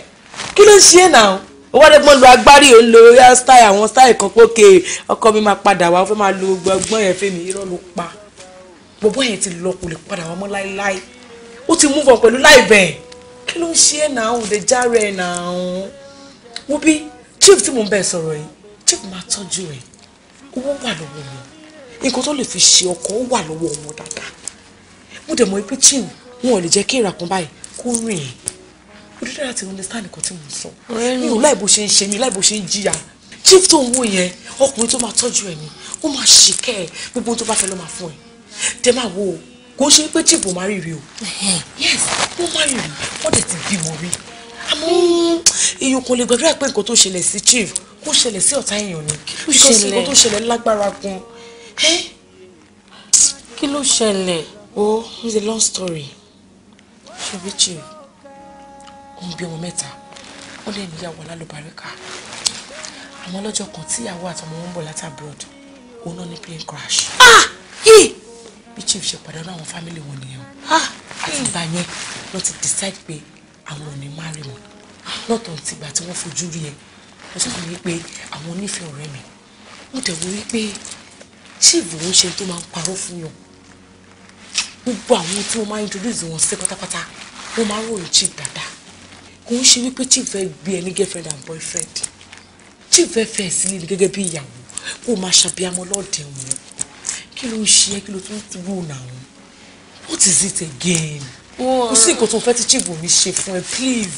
kí ló ń ṣe é náà ó wá dẹ́gbọ́n lo agbárí ò ń lo royal style àwọn style kan pókè ọkọ mi máa padà wá ó fẹ́ máa lo ọgbọ́n yẹn fẹ́mi irọ́ ló pa gbogbo yẹn ti lọ kò lè padà wá mọ́ láéláé ó ti mú pọ̀ pẹ̀lú láìpẹ́ kí ló ń ṣe é náà òde járe náà wo bí chief tí mò ń bẹ̀ sọ̀rọ̀ yìí chief máa tọ́jú ẹ̀ owó wà lọ́wọ́ mi nǹkan tó lè fi ṣe ọkọ̀ ó wà lọ́wọ́ ọmọ dáadáa mo dẹ̀ mọ̀ pé chief wọn ò lè jẹ́ kí ìràkùn báyìí kó rìn ó dúdú láti understand nǹkan tí mo sọ mi ò láì bó ṣe ń ṣe mi láì bó ṣe ń jìyà chief tó ń wò yẹn ọkùnrin tó máa tọ́jú ẹ̀ ni ó máa ṣìkẹ́ ẹ̀ gbogbo tó bá fẹ́ ló máa fún ẹ̀ tẹ́ máa wo kò ṣe pé chief ò máa rí rí o yes ó máa rí rí wọ́n dẹ̀ ti bímọ rí àmọ́ èèyàn kò lè gbàdúrà pé nǹkan tó ṣẹlẹ̀ sí chief kó ṣẹlẹ̀ sí ọ̀tá èèyàn ni because nǹkan tó ṣẹlẹ̀ lágbára gan-an kí ló ṣẹlẹ̀ Oh, it's a long story ṣé richie ó ń bí ọmọ mẹ́ta ó lè níyàwó alálùbáríkà àwọn ọlọ́jọ́ kan tí ìyàwó àtọmọ wọn ń bọ̀ láti abroad òun náà ní plane crash. Ah! bí chief ṣe pàdánù àwọn fámìlì wọn nìyẹn ah! àti ìgbà yẹn wọ́n ti decide pé àwọn ò ní má rí wọn lọ́tọ̀ tìgbà tí wọ́n fojú rí ẹ wọ́n sábà ní pé àwọn onífẹ̀ẹ́ ọ̀rẹ́ mi wọ́n tẹ̀wé wípé chief ló ń ṣe tó máa ń parọ́ fún yàn gbogbo àwọn tí wọ́n máa introduce wọn sí pátápátá wọ́n máa ròyìn chief dáadáa kò ń ṣe wípé chief fẹ́ gbé ẹni girlfriend and boyfriend chief fẹ́ fẹ́ sílé ni gẹ́gẹ́ bí ìyàwó kó máa ṣàbíamọ lọ́ọ̀dẹ̀ wọn kí ló ń ṣe ẹ́ kí ló tún wò náà what is it again kò sí nǹkan tó fẹ́ tí chief omi ṣe fún ẹ please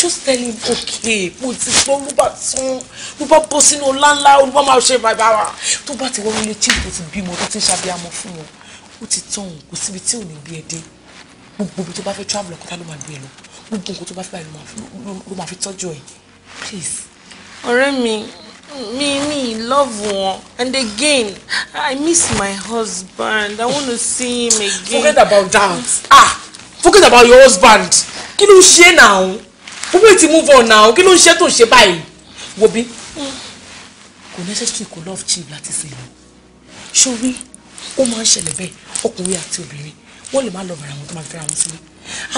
just tell him okay mo ti gbọ́ ló bá tún ló bá bọ́ sínú ọlá ńlá olùbọ́ máa ṣe bàbá wa tó bá ti wọ́n nílé chief tó ti bímọ tó ti ṣàbíamọ fún wọn ó ti tán òun kò síbi tí ò ní gbé ẹ dé gbogbo ibi tó bá fẹ́ travel ọ̀kọ́tà ló máa gbé ẹ lọ gbogbo nǹkan tó bá fẹ́ báyìí ló máa fi tọ́jú ẹ please. ọ̀rẹ́ mi mi mi love wọn and again i miss my husband i want to see him again. forget about that ah forget about your husband kí ló ń ṣe náà gbogbo ti move on náà kí ló ń ṣe tó ń ṣe báyìí wo bí mm. kò necessary kò love chief láti ṣe lọ sórí ó máa ń ṣẹlẹ̀ bẹ́ẹ̀ ọkùnrin àti obìnrin wọ́n lè má lọ bẹ̀rẹ̀ àwọn tó máa fẹ́ra wọn sílé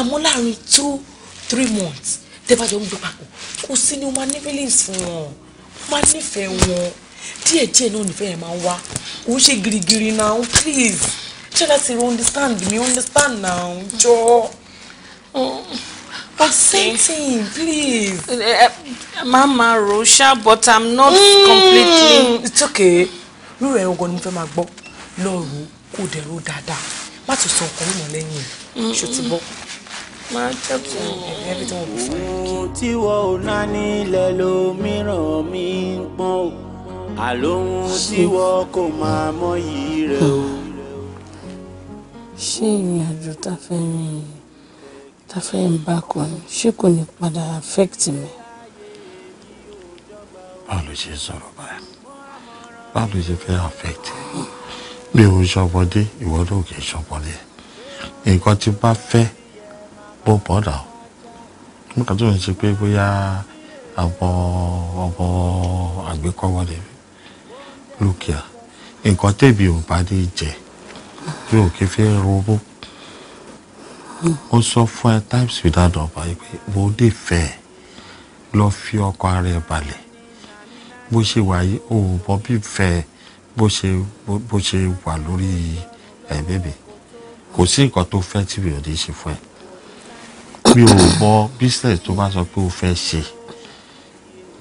àmọ́ láàrin two three months tẹ́bàjọ́ ń gbé papọ̀ kò sí ni wọ́n ní feelings fún wọn wọ́n máa nífẹ̀ẹ́ wọn díẹ̀ díẹ̀ náà nífẹ̀ẹ́ yẹn máa ń wá kò ń ṣe girigiri now please ṣé láti ro understand me understand now jọ consenting mm. please. Eh, eh, eh, mama rosha but i'm not completely. Mm, it's okay rúrẹ̀ ẹ̀rọ gan ni mo fẹ́ máa gbọ́ lọ rò kó dẹ̀rọ dáadáa má tún sọ ọkọ mọ̀ lẹ́yìn ẹ̀ ṣòtú bọ́. máa jẹ́ kí ẹbí tí wọ́n ò ná nílẹ̀ lómìíràn mi ń pọ́n o àlóhun tí wọ́n kò máa mọyì rẹ̀ o. ṣé ìrìn àjò tá a fẹ́ rìn tá a fẹ́ ń bá kọ ni ṣé kò ní padà affect mi. báwo ló ṣe sọ̀rọ̀ báyìí báwo ló ṣe fẹ́ affect mi ò ṣọmọdé ìwọ ló kì í ṣọmọdé nǹkan tí bá fẹ́ bó bọ́dà o mo kà tó ń ṣe pé bóyá àwọn ọmọ àgbékọ́wọ́ lè lókìá nǹkan tẹ̀bi ò bá dé jẹ bí ò kí fi ronú ó sọ fún ẹ times without number yìí pé mo lè fẹ́ ẹ lọ fi ọkọ ara ẹ balẹ̀ bó ṣe wà òun mọ bí fẹ́ ẹ bó ṣe bó ṣe wà lórí ẹ bèbè kò sí nǹkan tó fẹ́ tí mi ò ní ṣe fún ẹ mi ò mọ business tó bá sọ pé o fẹ́ ṣe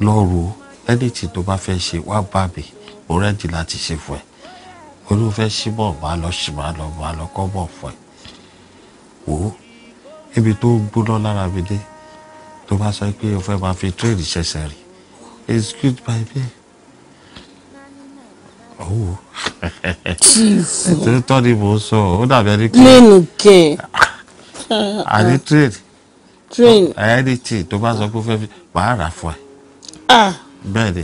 lọ́rùú anything tó bá fẹ́ ṣe wá bá mi mo rẹ́dí láti ṣe fún ẹ mo ní o fẹ́ ṣí mọ̀ máa lọ ṣì máa lọ máa lọ kọ́ mọ̀ fún ẹ wò ó ibi tó ń gbóná lára mi dé tó bá sọ pé o fẹ́ máa fi tírèdì ṣẹ̀ṣẹ̀ rì excuse my babe owó. chief tó tọ́ di bò sọ ó dàbí ẹni kí. plane kẹ. àní train. train. ẹni tí tó bá sọ pé ó fẹ́ fi màá rà fún ẹ. bẹ́ẹ̀ ni.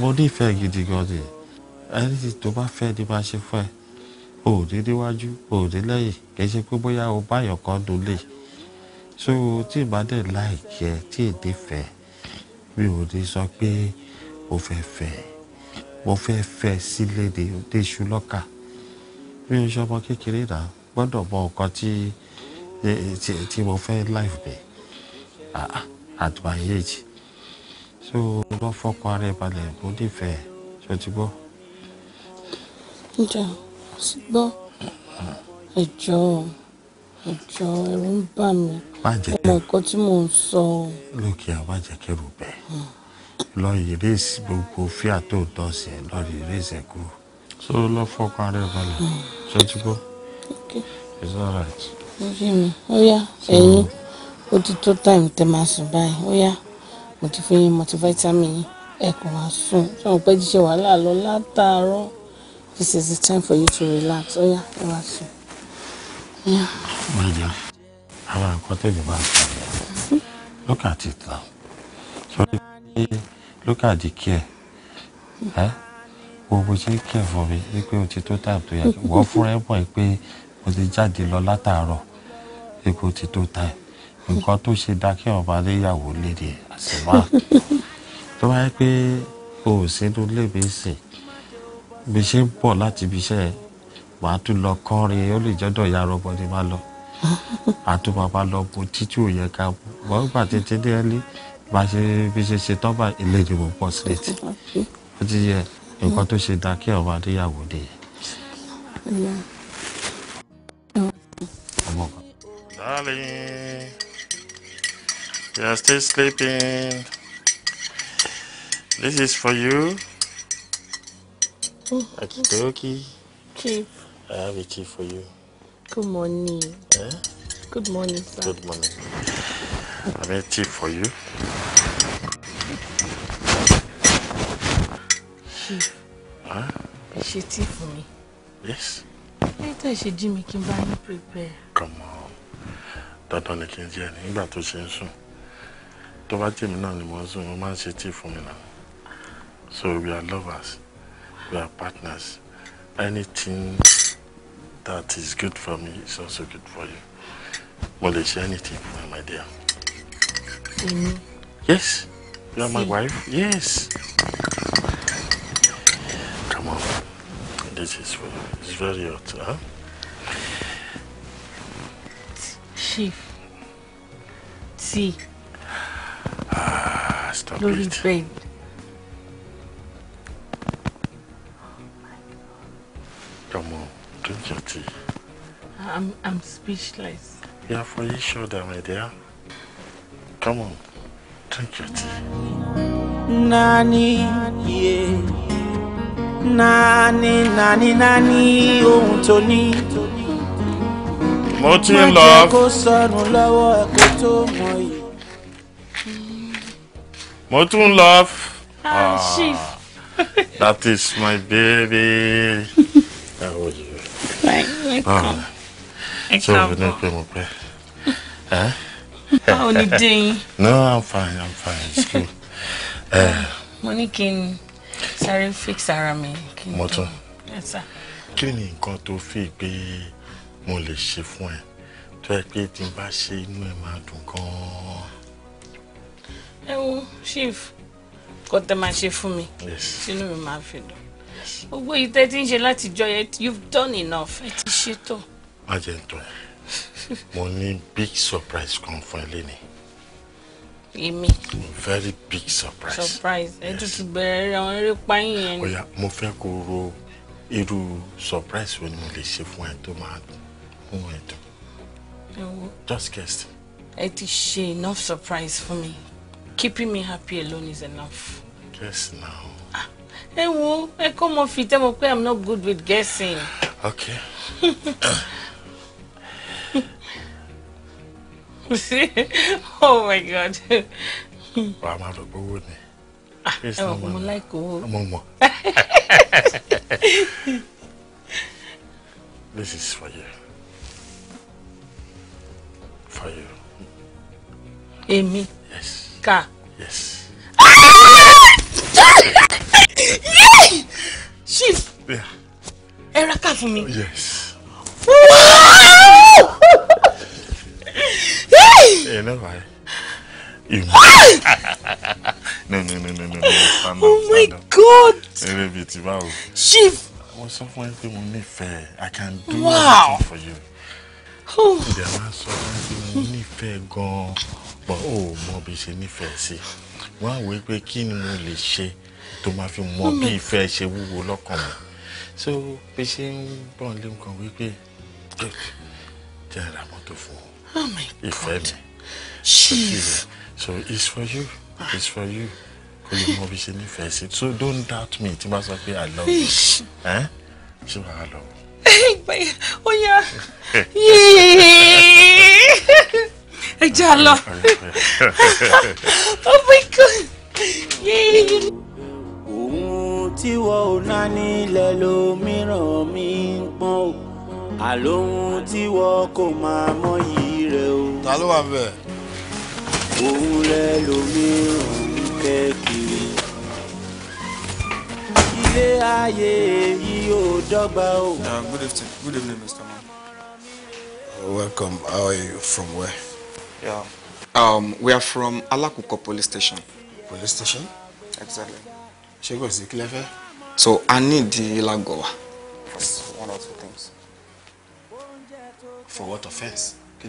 mo nífẹ̀ẹ́ gidi gan ni ẹni tí tó bá fẹ́ ni máa ṣe fún ẹ òde níwájú òde lẹ́yìn kì í ṣe pé bóyá so tí ìbá dẹ̀ láì jẹ tí èdè fẹ́ mi ò ní sọ pé wọ́n fẹ́ fẹ́ sílé dé iṣu lọ́kà bí n ṣọmọ kékeré náà gbọ́dọ̀ mọ nǹkan tí tí mo fẹ́ life mi at my age so lọ fọkàn ara ẹ balẹ̀ mo nífẹ̀ẹ́ ṣe ti gbọ́. ǹjẹ́ gbọ́ ẹ̀jọ̀ ẹ̀jọ̀ ẹ̀rù ń bà mí ọmọ nǹkan tí mò ń sọ. lókè àwọn àjẹkẹ́rù bẹ́ẹ̀ lọ ìrèsì gbogbo fíà tó tọ́ sí ẹ lọ ìrèsì ẹ kú so lọ fọkàn rẹ balẹ̀ hmm. ṣe ti gbọ́ it's alright. orí mi ó yá ẹ̀yin ó ti tó time tẹ máa sùn báyìí ó yá mo ti fi yín multivitamin yín ẹ kàn wá sùn ṣé wọn pẹ́ jíṣẹ́ wàhálà lọ látàárọ̀ this is the time for you to relax ó yá ẹ wá sùn. Maja, àwọn nǹkan tó lè máa ń sọ̀rọ̀ look at it now look at the care ẹ wo bó ṣe ń care for mi wípé o ti tó time tó yẹ wọ́n fúnra ẹ̀ mọ̀ ẹ́ pé mo ti jáde lọ látàárọ̀ wípé o ti tó time nǹkan tó ṣe dá kí ọba léyàwó léde àsìmá tó bá yẹ pé o ò sínú lébi sìn bí ṣe ń bọ̀ láti ibi iṣẹ́ màá tún lọ kọrin ó lè jọ́dọ̀ ìyá rọ́bọ ni má lọ àtún bàbá lọ bo títí ò yẹ ká bọ́ gbà tètè dé ẹ bá ṣe bí ṣe ṣe tọ́ba ilé ìdìbò pọ̀ síléètì ó ti yẹ nǹkan tó ṣe dá kí ọba adéyàwó dé. Darling, you are still sleeping. This is for you. Okay, okay. Chief. I have a key for you. Good morning. Eh? Good morning, sir. Good morning. I have a tea for you. ẹ ṣe tí fún mi. yes. later ṣe jí mi kí n bá prepare. come on That don't kí n jẹ ẹ nígbà tó ṣe ń sùn tó bá jèmi náà You must ń sùn for me now. so we are lovers we are partners anything that is good for me is also good for you mo lè anything for my dear. èmi. yes you are my wife yes come on. This is it's very hot, huh? Chief. see. Ah, stop Lori it. Bed. Come on, drink your tea. I'm I'm speechless. Yeah, for you shoulder, my dear. Come on, drink your tea. Nani, yeah nání nání nání ohun tó ní. mo ti ń lọ. má jẹ́ kó sọnù lọ́wọ́ ẹ̀ kó tó mọ yìí. mo tún ń lọ. Ah, ah chief. that is my baby. How are you? Right, ah, welcome. Ẹ káàbọ̀. Ẹ? How No, I'm fine, I'm fine. It's good. Mo ní kí n sáré fix ara mi. mo tún kí ni nǹkan tó fi pé mo lè ṣe fún ẹ tó yẹ pé tí n bá ṣe inú ẹ máa dùn gan-an. ẹ wo chief kò tẹ máa ṣe fún mi sínú mi máa fi dùn gbogbo yìí tẹ́ ti ń ṣe láti jọ yẹn you've done enough ẹ ti ṣe tó. má jẹ́ ń tọ́ mo ní big surprise kan fún ẹ lénìí èmi. very big surprise. surprise ẹ tutù bẹ̀rẹ̀ àwọn eré páyín yẹn. ọ̀ya mo fẹ́ kó ro irú surprise wo ni mo lè ṣe fún ẹ tó máa mú ẹ dùn. just guess. ẹ ti ṣe enough surprise for me. keeping me happy alone is enough. guess now. Ah, ẹ wo ẹ kọ́ mọ fi tẹ́ mo pé i'm not good with guessing. okay. oh my god. wàá máa lọ gbowó ni. Ah, ẹ wọ mo like owó. mo mọ. this is for you. for you. Amy. yes. ká. yes. chief. Yeah. Erica for me. yes. Wow! Hey, eh, no, why? You. no, no, no, no, no, no. Stand oh my stand God. baby, ti báwo. Chief. What's up when people nífẹ̀ẹ́? I can do wow. for you. Oh. There are some people but oh, mo bí ṣe nífẹ̀ẹ́ sí. Wọ́n á wí pé kí ni mo lè ṣe tó máa fi mọ bí mm-hmm. So bí ṣe ń bọ̀ lé nǹkan wípé jẹ́ ra mọ́tò fún ọ. Oh my God. Ìfẹ́ mi. Chief. So it's for you. It's for you. Kò lè mọ bí ṣe nífẹ̀ẹ́ sí. So don't doubt me tí must sọ I love you. huh? Ṣé wàá lọ? Oh yeah. Yeah. já jalo. Oh my God. Ohun tí wọ́n ò náà nílẹ̀ lómìíràn mi àlóhun tí wọ́n kò máa mọ yìí rẹ o. ta ló wà bẹ́ẹ̀. òun rẹ lómìíràn ń kẹ́ ilé ayé yìí ò dọ́gba o. good evening good evening mr man. Oh, welcome how are you from where. Yeah. Um, we are from Alakuko police station. Police station? Exactly. Ṣé kò sí kílẹ̀ fẹ́? So I need the Ilagowa. one or two for what offence kí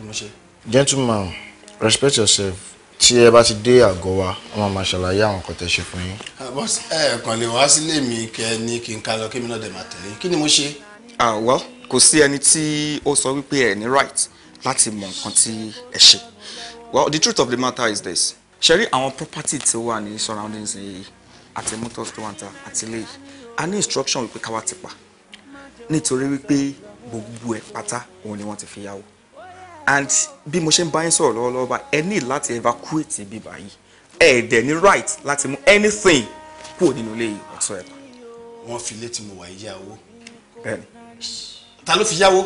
gentleman respect yourself tí ẹ bá ti dé àgọ́ wa wọn máa ṣàlàyé àwọn nǹkan tẹ́ ṣe fún yín. Ah, boss ẹ kàn lè wá sílé mi kẹ ẹ ní kí n ká lọ kí mi náà dẹ̀ máa tẹ̀lé kí ni mo ṣe. ah well kò sí ẹni tí ó sọ wípé ẹ ní right láti mọ nǹkan tí ẹ ṣe well the truth of the matter is this ṣe rí àwọn property tí ó wà ní surroundings yìí àti motors tó wà níta àti a ní instruction wípé káwá ti pa nítorí wípé gbogbo ẹ̀ pátá òun ni wọ́n ti fi yáwó and bí mo ṣe ń bá yín sọ̀rọ̀ lọ́wọ́lọ́wọ́ bá ẹ ní láti evacuate bí báyìí ẹ dẹ̀ ní right láti mú anything kúrò nínú ilé yìí ọ̀tọ̀ ẹ̀ bá. wọ́n fi ilé tí mo wà yí yáwó. bẹ́ẹ̀ni. ta ló fi yáwó.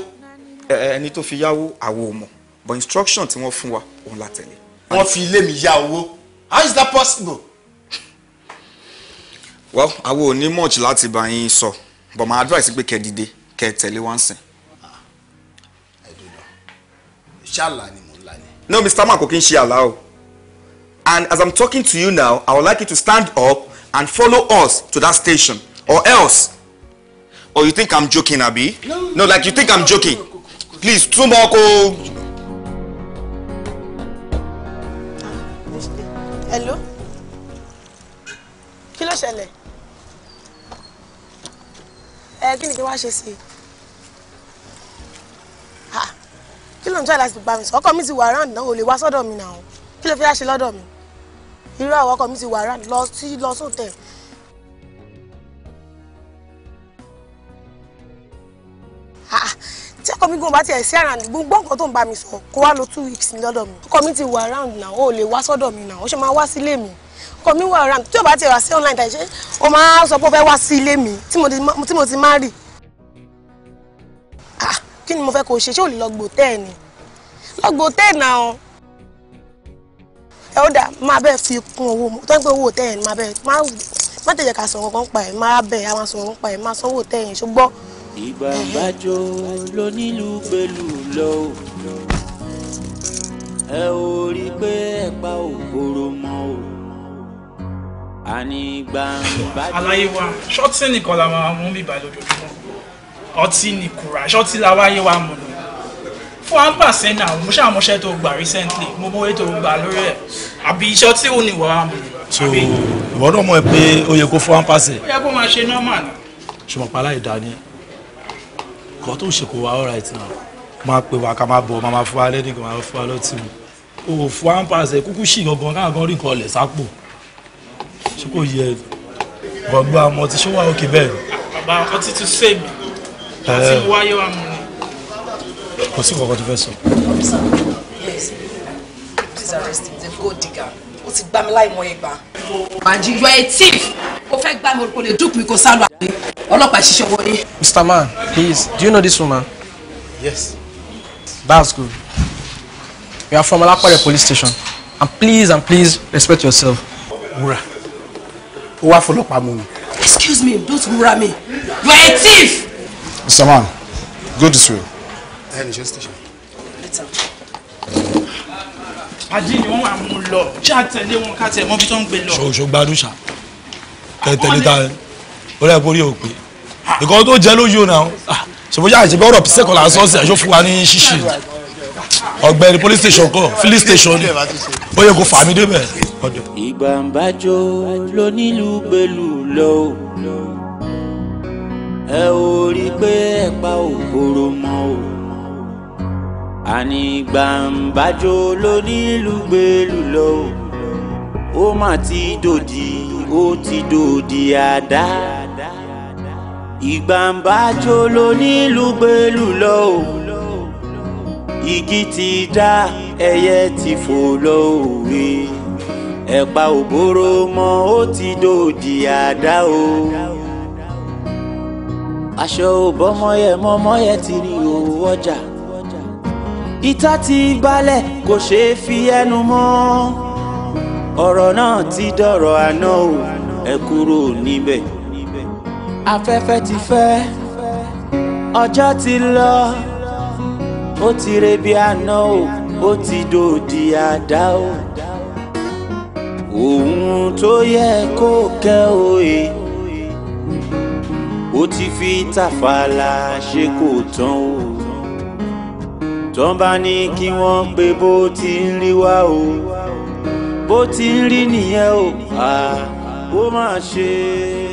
ẹni tó fi yáwó àwo mọ̀ but instruction tí wọ́n fún wa òun la tẹ̀lé. wọ́n fi ilé mi yá how is that possible. well àwo ò ní much láti bá yín sọ but my advice pé kẹ́ dìde kẹ́ tẹ̀lé wá ń sìn no mr man kò kí n and as i'm talking to you now i would like you to stand up and follow us to that station or else or you think i'm joking abi no, no like you think i'm joking please two more ko. hello kí ló ṣẹlẹ̀ ẹ eh, kí ni kí wàá kí ló ń tọ́ láti bá mi sọ ọkọ mi ti wà round náà ò lè wá sọ́dọ̀ mi náà kí ló fẹ́ ṣe lọ́dọ̀ mi irú àwọn ọkọ mi ti wà round lọ sí lọ sóòtẹ̀ ah, tí ọkọ mi gbọ́n bá tiẹ̀ sí àràǹdì gbogbo nǹkan tó ń bá mi sọ kó wá lọ two weeks lọ́dọ̀ mi ọkọ mi ti wà around náà ó lè wá sọ́dọ̀ mi náà ó ṣe máa wá sílé mi ọkọ mi wà around tí ò bá tiẹ̀ wá sí online tàìṣe ó máa sọ pé ó fẹ́ wá sí ilé mi tí mo ti má rì kí ni mo fẹ́ kó ṣe ṣé ò lè lọ gbò tẹ́ ẹ̀ ni lọ gbò tẹ́ ẹ̀ náà ẹ ó dà máa bẹ́ẹ̀ fi kún owó mo tọ́ ń pé owó tẹ́ ẹ̀ ni máa bẹ́ẹ̀ má tẹ̀yẹ ká sọ̀rọ̀ kan pa ẹ̀ máa bẹ́ẹ̀ á máa sọ̀rọ̀ pa ẹ̀ máa sanwó tẹ́ ẹ̀ ṣùgbọ́n. ìbànújẹ́ lónílù pẹ̀lú lọ́wọ́ ẹ ò rí pé ẹ pa òkòrò mọ́ o àní gbàǹbàjọ́. àlàyé wa ṣọ́ọ̀tì nìkan la máa mi bá lójoojúmọ́ ọtí ni kura ṣọtí làwa yé wa mọ̀ lọ fún ampa sẹ́ni àwọn mọṣẹ́ àmọṣẹ́ tó gbà recently mo mọ ètò gbà lórí ẹ̀ àbí iṣẹ́ tí ò ní wà á mọ̀. so ìwọ náà mọ̀ ẹ́ pé ó yẹ kó fún ampa sẹ́. ó yẹ kó máa ṣe normal ni. ṣùgbọ́n pàlà ìdání kan tó ṣe kó wa all right now máa pè wá ká máa bọ̀ máa máa fún wa lẹ́nu máa fún wa lọ́tì mu o fún ampa sẹ́ kúkú ṣì gangan káàkan rí nǹkan ọ̀lẹ̀ sápò ṣé kò yẹ gbọ̀ngbọ̀n àmọ́ ti ṣó àti eh, wáyé wa mọ̀ ni. kò sí kankan tó fẹ́ sọ. please digger ó ti gbá mi láì mọ ìgbà. àjí yọ ẹ tíìf ó fẹ́ gbá mi kò lè dùn mí kó sá lọ àlè ọlọ́pàá ṣiṣẹ́ wọlé. mr man please do you know this woman. yes. that's good. You are from Alapare police station and please and please respect yourself. wúrà ó wá fọlọ́pàá mú mi. excuse me don't wúra me you are a thief. Mr. Man, go this way. Ẹni ṣe station. Àjí ni wọ́n máa mú lọ, ṣáà tẹ̀lé wọn ká tẹ̀ mọ́bí tó ń gbé lọ. Ṣòṣò gbádùn ṣá. Tẹ̀tẹ̀lé ta ọ̀rẹ́ ẹ̀kọ́ rí òpè. Ìkọ́ tó jẹ́ lójú ọ̀nà ah, ṣòbójá àṣebí ọ̀rọ̀ pìṣẹ́kọ̀ là ń sọ́ọ̀sì àṣọ fún wa ní police station kọ̀, filling station ni. Ó yẹ kó fà mí débẹ̀. Ìgbàǹbájò ẹ ò rí i pé ẹ̀pà òkòrò mọ́ o àní gbàǹbájò lónílùgbèlù lọ ó mà ti dòdì ó ti dòdì àdá ìgbàǹbájò lónílùgbèlù lọ o igi ti dá ẹyẹ ti fò lọ òwe ẹ̀pà òbóró mọ́ ó ti dòdì àdá o aṣọ òbọ́mọyẹ mọ́mọ́yẹ ti rí òwò ọjà ìta ti balẹ̀ kò ṣeé fi ẹnu mọ́ ọ̀rọ̀ náà ti dọ̀rọ̀ àná o ẹ kúrò níbẹ̀ afẹ́fẹ́ ti fẹ́ ọjọ́ ti lọ ó ti re bí àná o ó ti dòdì àdá o òun tó yẹ kó kẹ́ òye ó ti fi tàfàlà ṣe kò tán o tán bá ní kí wọ́n pé bó ti ń rí wá o bó ti ń rí nìyẹn o ó máa ṣe é.